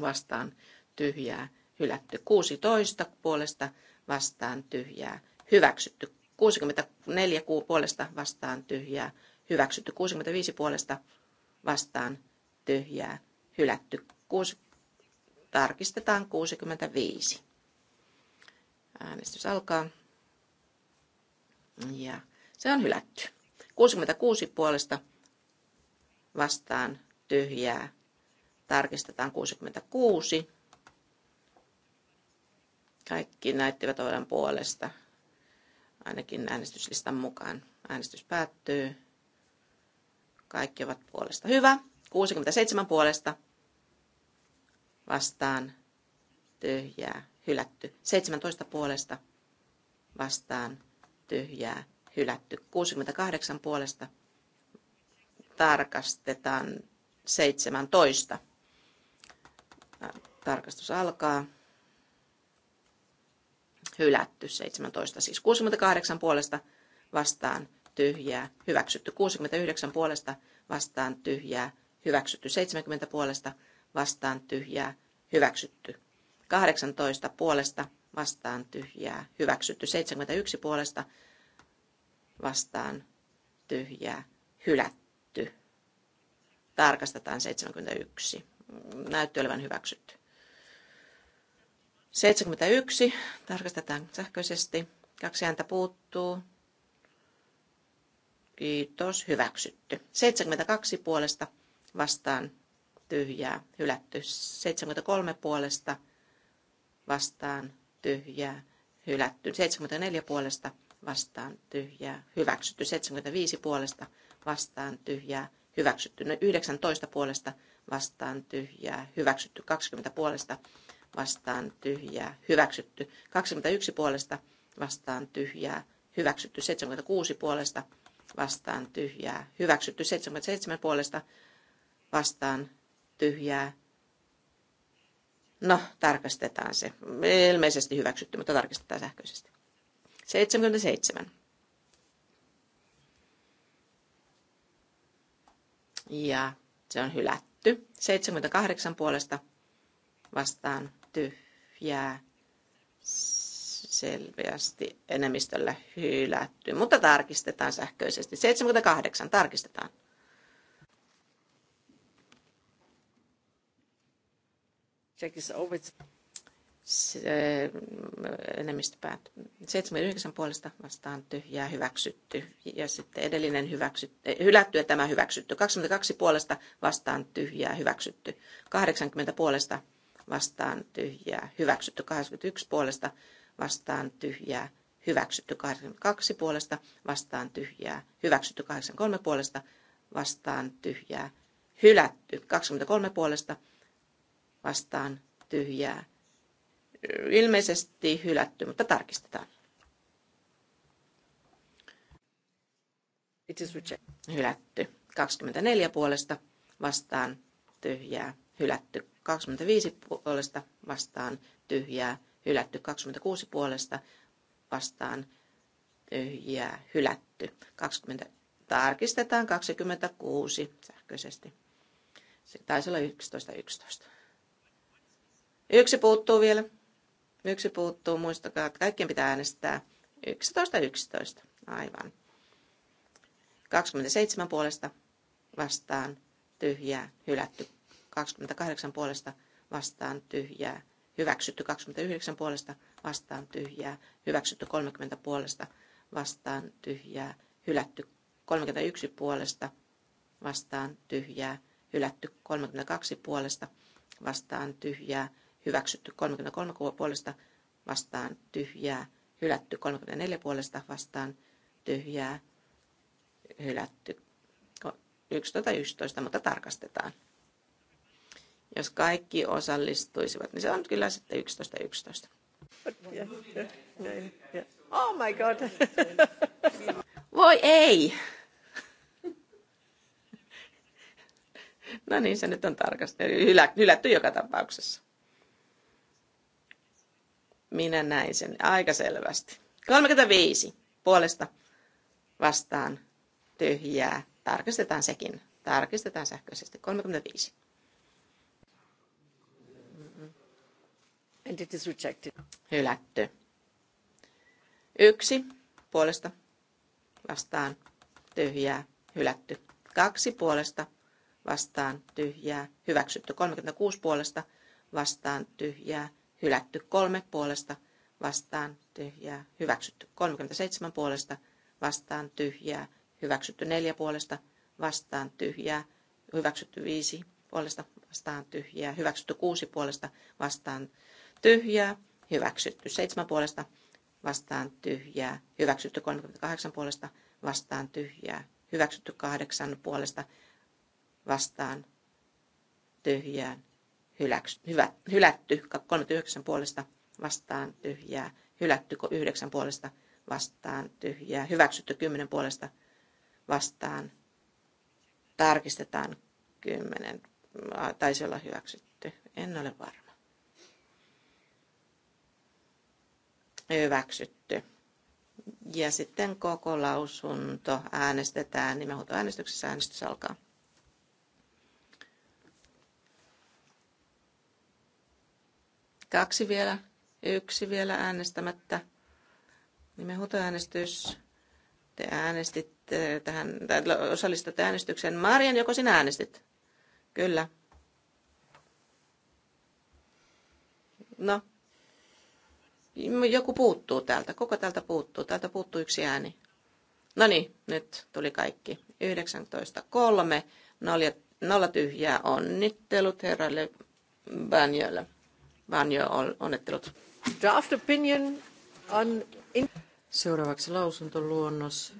vastaan tyhjää hylätty 16 puolesta vastaan tyhjää hyväksytty 64 puolesta vastaan tyhjää hyväksytty 65 puolesta vastaan tyhjää hylätty. 6, tarkistetaan 65. Äänestys alkaa. Ja se on hylätty. 66 puolesta vastaan tyhjää. Tarkistetaan 66. Kaikki näyttivät olevan puolesta, ainakin äänestyslistan mukaan. Äänestys päättyy kaikki ovat puolesta. Hyvä. 67 puolesta vastaan tyhjää hylätty. 17 puolesta vastaan tyhjää hylätty. 68 puolesta tarkastetaan 17. Tarkastus alkaa. Hylätty 17, siis 68 puolesta vastaan tyhjää, hyväksytty 69 puolesta vastaan tyhjää, hyväksytty 70 puolesta vastaan tyhjää, hyväksytty 18 puolesta vastaan tyhjää, hyväksytty 71 puolesta vastaan tyhjää, hylätty. Tarkastetaan 71. Näytti olevan hyväksytty. 71. Tarkastetaan sähköisesti. Kaksi ääntä puuttuu. Kiitos, hyväksytty. 72 puolesta vastaan tyhjää, hylätty. 73 puolesta vastaan tyhjää, hylätty. 74 puolesta vastaan tyhjää, hyväksytty. 75 puolesta vastaan tyhjää, hyväksytty. 19 no, puolesta vastaan tyhjää, hyväksytty. 20 puolesta vastaan tyhjää, hyväksytty. 21 puolesta vastaan tyhjää, hyväksytty. 76 puolesta vastaan tyhjää, hyväksytty 77 puolesta vastaan tyhjää. No, tarkastetaan se. Ilmeisesti hyväksytty, mutta tarkistetaan sähköisesti. 77. Ja se on hylätty. 78 puolesta vastaan tyhjää selvästi enemmistöllä hylätty, mutta tarkistetaan sähköisesti. 78 tarkistetaan. Check is over. Se, enemmistö päätty. 79 puolesta vastaan tyhjää hyväksytty ja sitten edellinen hyväksytty, eh, hylätty ja tämä hyväksytty. 22 puolesta vastaan tyhjää hyväksytty. 80 puolesta vastaan tyhjää hyväksytty. 81 puolesta vastaan tyhjää, hyväksytty 82 puolesta, vastaan tyhjää, hyväksytty 83 puolesta, vastaan tyhjää, hylätty 23 puolesta, vastaan tyhjää, ilmeisesti hylätty, mutta tarkistetaan. It is Hylätty. 24 puolesta vastaan tyhjää. Hylätty. 25 puolesta vastaan tyhjää hylätty. 26 puolesta vastaan tyhjää hylätty. 20, tarkistetaan 26 sähköisesti. Se taisi olla 11, 11. Yksi puuttuu vielä. Yksi puuttuu, muistakaa, että kaikkien pitää äänestää 11, 11. Aivan. 27 puolesta vastaan tyhjää, hylätty. 28 puolesta vastaan tyhjää, hyväksytty 29 puolesta vastaan tyhjää, hyväksytty 30 puolesta vastaan tyhjää, hylätty 31 puolesta vastaan tyhjää, hylätty 32 puolesta vastaan tyhjää, hyväksytty 33 puolesta vastaan tyhjää, hylätty 34 puolesta vastaan tyhjää, hylätty 11 tai 11, mutta tarkastetaan jos kaikki osallistuisivat, niin se on kyllä sitten 11, 11. Oh my god! Voi ei! No niin, se nyt on tarkasti hylätty joka tapauksessa. Minä näin sen aika selvästi. 35 puolesta vastaan tyhjää. Tarkistetaan sekin. Tarkistetaan sähköisesti. 35. and it is rejected. Hylätty. Yksi puolesta vastaan tyhjää, hylätty. Kaksi puolesta vastaan tyhjää, hyväksytty. 36 puolesta vastaan tyhjää, hylätty. Kolme puolesta vastaan tyhjää, hyväksytty. 37 puolesta vastaan tyhjää, hyväksytty. Neljä puolesta vastaan tyhjää, hyväksytty. Viisi puolesta vastaan tyhjää, hyväksytty. Kuusi puolesta vastaan tyhjää, hyväksytty. 7 puolesta vastaan tyhjää, hyväksytty 38 puolesta vastaan tyhjää, hyväksytty 8 puolesta vastaan tyhjää, hyläks, hyvä, hylätty 39 puolesta vastaan tyhjää, hylätty 9 puolesta vastaan tyhjää, hyväksytty 10 puolesta vastaan, tarkistetaan 10, taisi olla hyväksytty, en ole varma. hyväksytty. Ja sitten koko lausunto äänestetään äänestyksessä Äänestys alkaa. Kaksi vielä, yksi vielä äänestämättä. Nimenhuutoäänestys. Te äänestitte tähän, tai osallistutte äänestykseen. Marian, joko sinä äänestit? Kyllä. No, joku puuttuu täältä, koko täältä puuttuu, täältä puuttuu yksi ääni. No niin, nyt tuli kaikki. 19.3, nolla, tyhjää, onnittelut herralle Banjolle. Banjo, onnittelut. Draft opinion on... In- Seuraavaksi lausuntoluonnos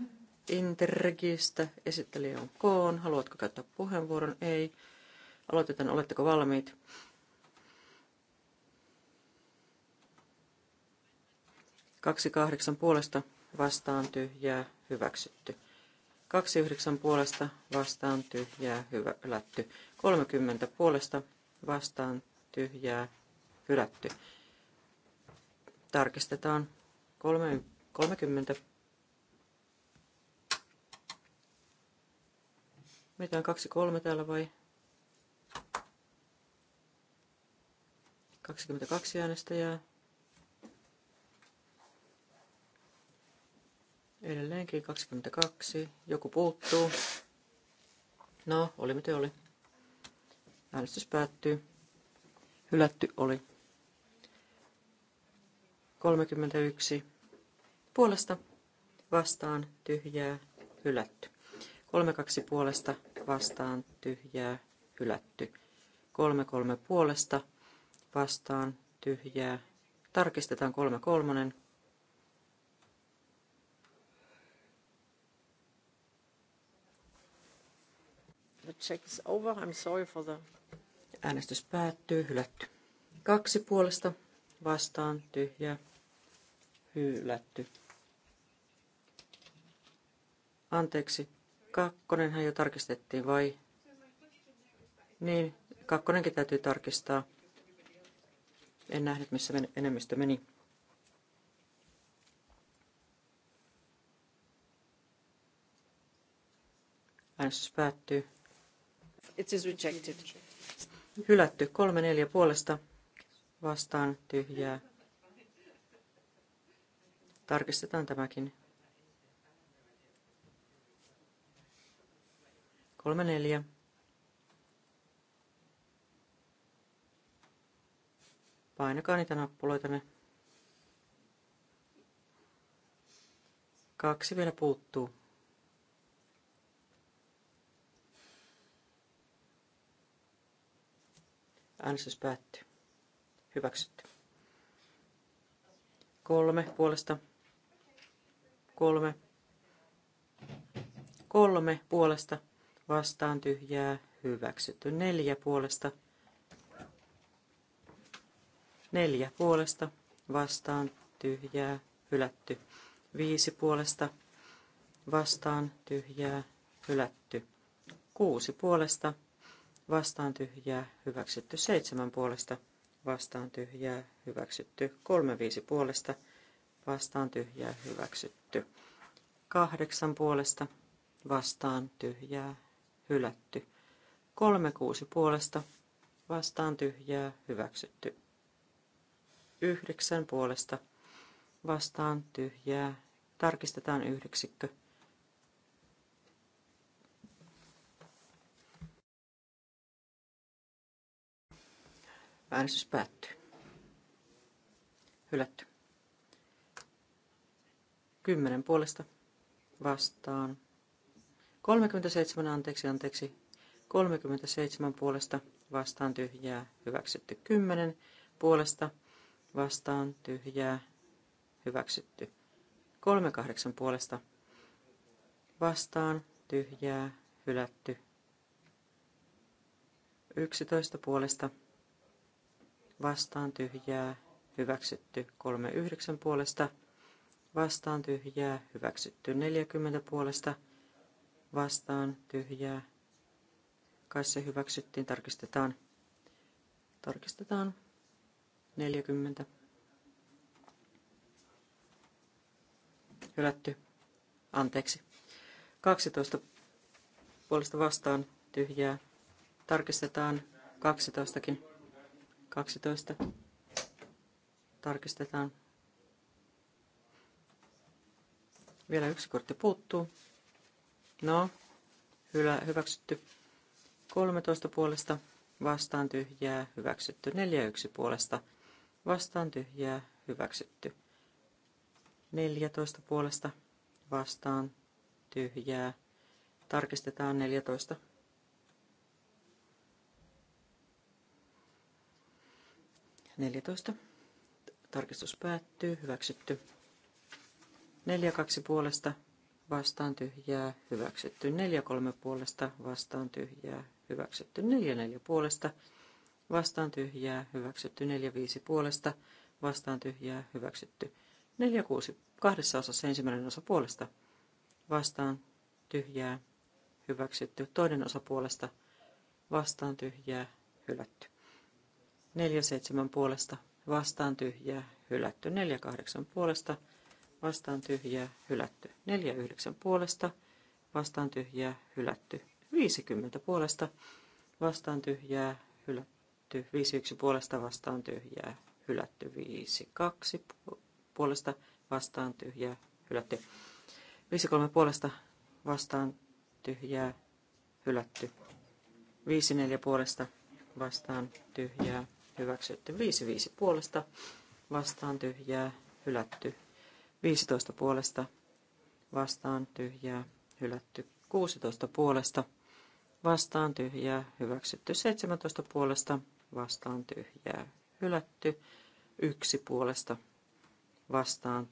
Interregistä. Esittelijä on Koon. Haluatko käyttää puheenvuoron? Ei. Aloitetaan. Oletteko valmiit? 28 puolesta vastaan tyhjää hyväksytty. 29 puolesta vastaan tyhjää hylätty. 30 puolesta vastaan tyhjää hylätty. Tarkistetaan 30. Mitä on 23 täällä vai? 22 äänestäjää. Edelleenkin 22. Joku puuttuu. No, oli miten oli. Äänestys päättyy. Hylätty oli. 31. Puolesta vastaan tyhjää hylätty. 32 puolesta vastaan tyhjää hylätty. 33 puolesta vastaan tyhjää. Tarkistetaan 33. check is over. I'm sorry for the... Äänestys päättyy. Hylätty. Kaksi puolesta vastaan tyhjä. Hylätty. Anteeksi. Kakkonenhan jo tarkistettiin, vai? Niin, kakkonenkin täytyy tarkistaa. En nähnyt, missä enemmistö meni. Äänestys päättyy. It is rejected. Hylätty. Kolme neljä puolesta vastaan tyhjää. Tarkistetaan tämäkin. Kolme neljä. Painakaa niitä ne. Kaksi vielä puuttuu. Äänestys päättyy. Hyväksytty. Kolme puolesta. Kolme. Kolme puolesta. Vastaan tyhjää. Hyväksytty. Neljä puolesta. Neljä puolesta. Vastaan tyhjää. Hylätty. Viisi puolesta. Vastaan tyhjää. Hylätty. Kuusi puolesta vastaan tyhjää, hyväksytty seitsemän puolesta, vastaan tyhjää, hyväksytty kolme viisi puolesta, vastaan tyhjää, hyväksytty kahdeksan puolesta, vastaan tyhjää, hylätty kolme kuusi puolesta, vastaan tyhjää, hyväksytty yhdeksän puolesta, vastaan tyhjää, tarkistetaan yhdeksikkö. Äänestys päättyy. Hylätty. Kymmenen puolesta vastaan. 37 anteeksi, anteeksi. 37 puolesta vastaan tyhjää, hyväksytty 10 puolesta vastaan tyhjää, hyväksytty 38 puolesta vastaan tyhjää, hylätty 11 puolesta vastaan tyhjää, hyväksytty 39 puolesta, vastaan tyhjää, hyväksytty 40 puolesta, vastaan tyhjää, kai se hyväksyttiin, tarkistetaan, tarkistetaan 40, hylätty, anteeksi, 12 puolesta vastaan tyhjää, tarkistetaan 12kin. 12. Tarkistetaan. Vielä yksi kortti puuttuu. No, hylä, hyväksytty. 13 puolesta vastaan tyhjää, hyväksytty. 41 puolesta vastaan tyhjää, hyväksytty. 14 puolesta vastaan tyhjää. Tarkistetaan 14. 14. Tarkistus päättyy. Hyväksytty. 4, 4.2 puolesta vastaan tyhjää. Hyväksytty. 4, 4.3 puolesta vastaan tyhjää. Hyväksytty. 4, 4.4 puolesta vastaan tyhjää. Hyväksytty. 4, 4.5 puolesta vastaan tyhjää. Hyväksytty. 4, 4.6 kahdessa osassa ensimmäinen osa puolesta vastaan tyhjää. Hyväksytty. Toinen osa puolesta vastaan tyhjää. Hylätty. 47 puolesta vastaan tyhjää hylätty. 48 puolesta vastaan tyhjää hylätty. 49 puolesta vastaan tyhjää hylätty. 50 puolesta vastaan tyhjää hylätty. 51 puolesta vastaan tyhjää hylätty. 52 puolesta vastaan tyhjää hylätty. 53 puolesta vastaan tyhjää hylätty. 54 puolesta vastaan tyhjää hyväksytty. 5-5 puolesta vastaan tyhjää hylätty. 15 puolesta vastaan tyhjää hylätty. 16 puolesta vastaan tyhjää hyväksytty. 17 puolesta vastaan tyhjää hylätty. 1 puolesta vastaan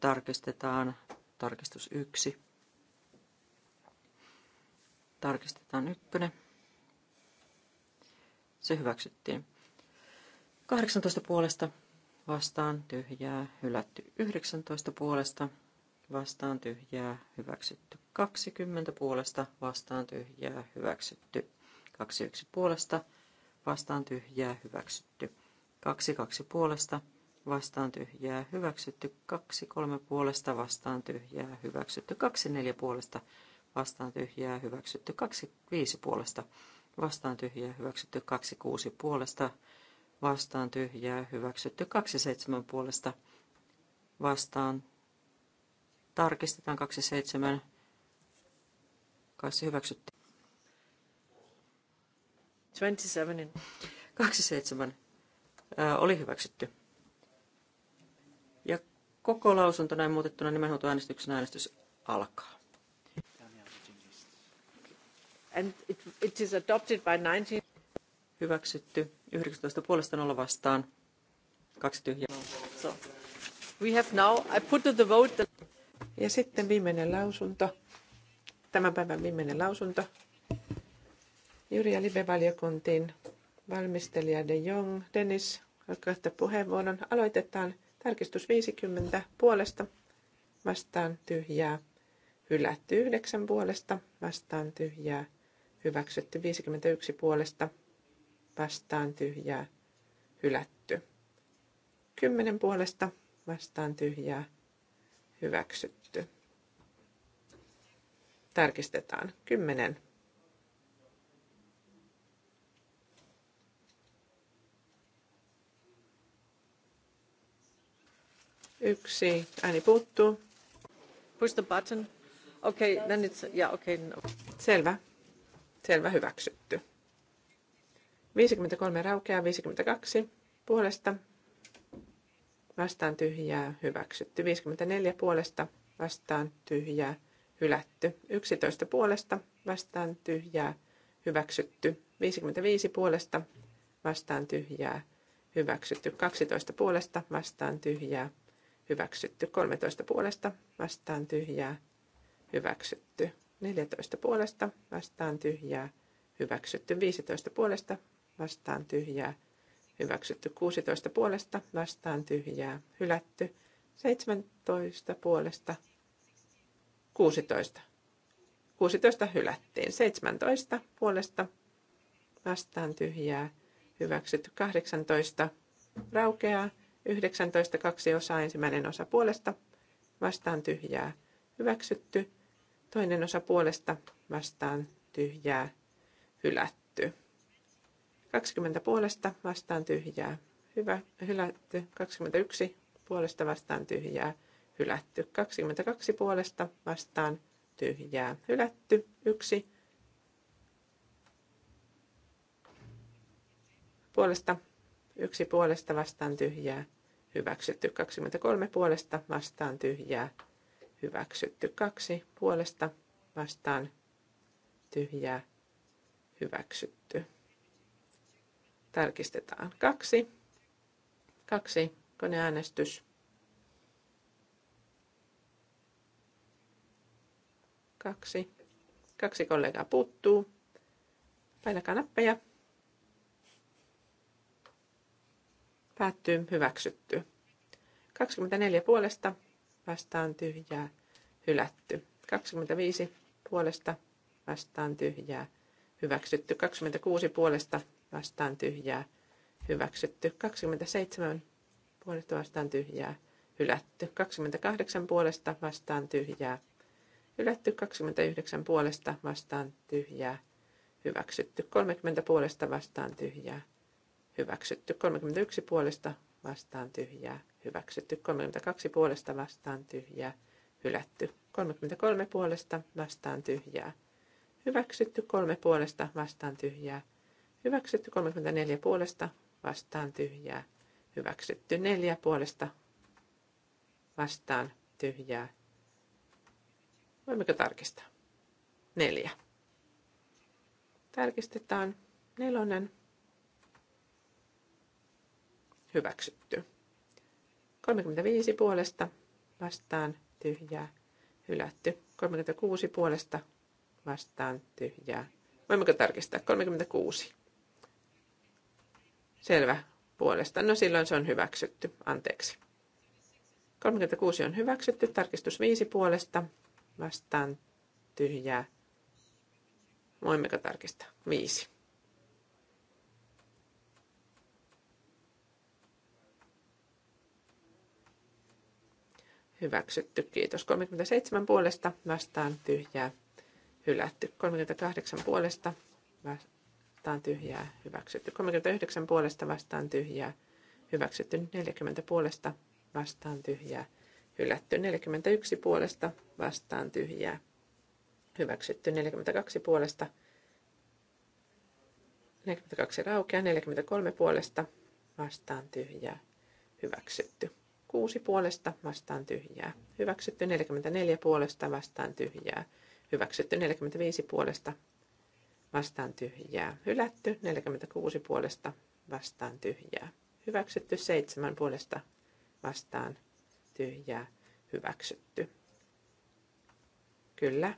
tarkistetaan tarkistus 1. Tarkistetaan 1, Se hyväksyttiin. 18 puolesta vastaan tyhjää, hylätty 19 puolesta, vastaan tyhjää, hyväksytty 20 puolesta, vastaan tyhjää, hyväksytty 21 puolesta, vastaan tyhjää, hyväksytty 22 puolesta, vastaan tyhjää, hyväksytty 23 puolesta, vastaan tyhjää, hyväksytty 24 puolesta, vastaan tyhjää, hyväksytty 25 puolesta, vastaan tyhjää, hyväksytty 26 puolesta, vastaan tyhjää hyväksytty 27 puolesta vastaan. Tarkistetaan 27. Kai se hyväksytty. 27. 27. Äh, oli hyväksytty. Ja koko lausunto näin muutettuna nimenhuutoäänestyksen äänestys alkaa. And it, it is adopted by 19... Hyväksytty 19 puolesta 0 vastaan. Kaksi tyhjää. So. We have now, I put to the vote the... Ja sitten viimeinen lausunto. Tämän päivän viimeinen lausunto. Juri ja libe valiokuntiin valmistelija De Jong, Dennis, olkaa puheenvuoron. Aloitetaan tarkistus 50 puolesta vastaan tyhjää, hylätty 9 puolesta vastaan tyhjää, hyväksytty 51 puolesta vastaan tyhjää hylätty. kymmenen puolesta vastaan tyhjää hyväksytty. Tarkistetaan. kymmenen Yksi ääni puuttuu. Push the button. Okay, then it's, yeah, okay. No. Selvä. Selvä hyväksytty. 53 raukeaa, 52 puolesta vastaan tyhjää hyväksytty, 54 puolesta vastaan tyhjää hylätty, 11 puolesta vastaan tyhjää hyväksytty, 55 puolesta vastaan tyhjää hyväksytty, 12 puolesta vastaan tyhjää hyväksytty, 13 puolesta vastaan tyhjää hyväksytty, 14 puolesta vastaan tyhjää hyväksytty, 15 puolesta vastaan tyhjää, hyväksytty 16 puolesta, vastaan tyhjää, hylätty 17 puolesta, 16. 16 hylättiin, 17 puolesta, vastaan tyhjää, hyväksytty 18 raukeaa, 19 kaksi osaa ensimmäinen osa puolesta, vastaan tyhjää, hyväksytty, toinen osa puolesta, vastaan tyhjää, hylätty. 20 puolesta vastaan tyhjää. Hyvä, hylätty. 21 puolesta vastaan tyhjää. Hylätty. 22 puolesta vastaan tyhjää. Hylätty. 1 puolesta. Yksi puolesta vastaan tyhjää. Hyväksytty. 23 puolesta vastaan tyhjää. Hyväksytty. 2 puolesta vastaan tyhjää. Hyväksytty. Tarkistetaan. Kaksi. Kaksi. Koneäänestys. Kaksi. Kaksi kollegaa puuttuu. Painakaa nappeja. Päättyy. Hyväksytty. 24 puolesta. Vastaan tyhjää. Hylätty. 25 puolesta. Vastaan tyhjää. Hyväksytty. 26 puolesta vastaan tyhjää hyväksytty. 27 puolesta vastaan tyhjää hylätty. 28 puolesta vastaan tyhjää hylätty. 29 puolesta vastaan tyhjää hyväksytty. 30 puolesta vastaan tyhjää hyväksytty. 31 puolesta vastaan tyhjää hyväksytty. 32 puolesta vastaan tyhjää hylätty. 33 puolesta vastaan tyhjää hyväksytty. 3 puolesta vastaan tyhjää hylätty Hyväksytty 34 puolesta vastaan tyhjää. Hyväksytty 4 puolesta vastaan tyhjää. Voimmeko tarkistaa? Neljä. Tarkistetaan nelonen. Hyväksytty. 35 puolesta vastaan tyhjää. Hylätty. 36 puolesta vastaan tyhjää. Voimmeko tarkistaa? 36. Selvä. Puolesta. No silloin se on hyväksytty. Anteeksi. 36 on hyväksytty. Tarkistus 5 puolesta. Vastaan tyhjää. Voimmeko tarkistaa? 5. hyväksytty. Kiitos. 37 puolesta vastaan tyhjää hylätty. 38 puolesta Vastaan vastaan tyhjää hyväksytty. 39 puolesta vastaan tyhjää hyväksytty. 40 puolesta vastaan tyhjää hylätty. 41 puolesta vastaan tyhjää hyväksytty. 42 puolesta 42 raukea, 43 puolesta vastaan tyhjää hyväksytty. 6 puolesta vastaan tyhjää. Hyväksytty 44 puolesta vastaan tyhjää. Hyväksytty 45 puolesta vastaan tyhjää. Hylätty 46 puolesta vastaan tyhjää. Hyväksytty 7 puolesta vastaan tyhjää. Hyväksytty. Kyllä.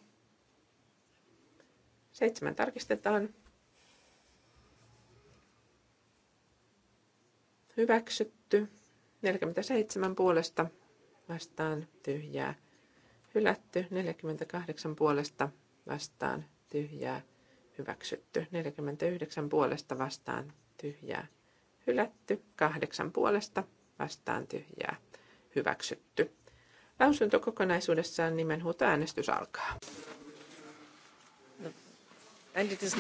Seitsemän tarkistetaan. Hyväksytty. 47 puolesta vastaan tyhjää. Hylätty 48 puolesta vastaan tyhjää hyväksytty. 49 puolesta vastaan tyhjää hylätty. 8 puolesta vastaan tyhjää hyväksytty. Lausunto kokonaisuudessaan äänestys alkaa. And it is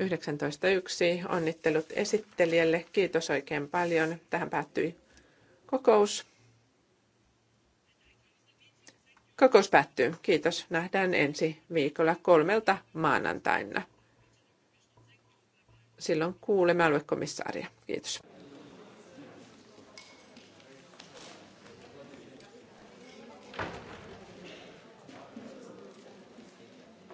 19 to 1. 19.1. Onnittelut esittelijälle. Kiitos oikein paljon. Tähän päättyi kokous. Kokous päättyy. Kiitos. Nähdään ensi viikolla kolmelta maanantaina. Silloin kuulemme aluekomissaaria. Kiitos.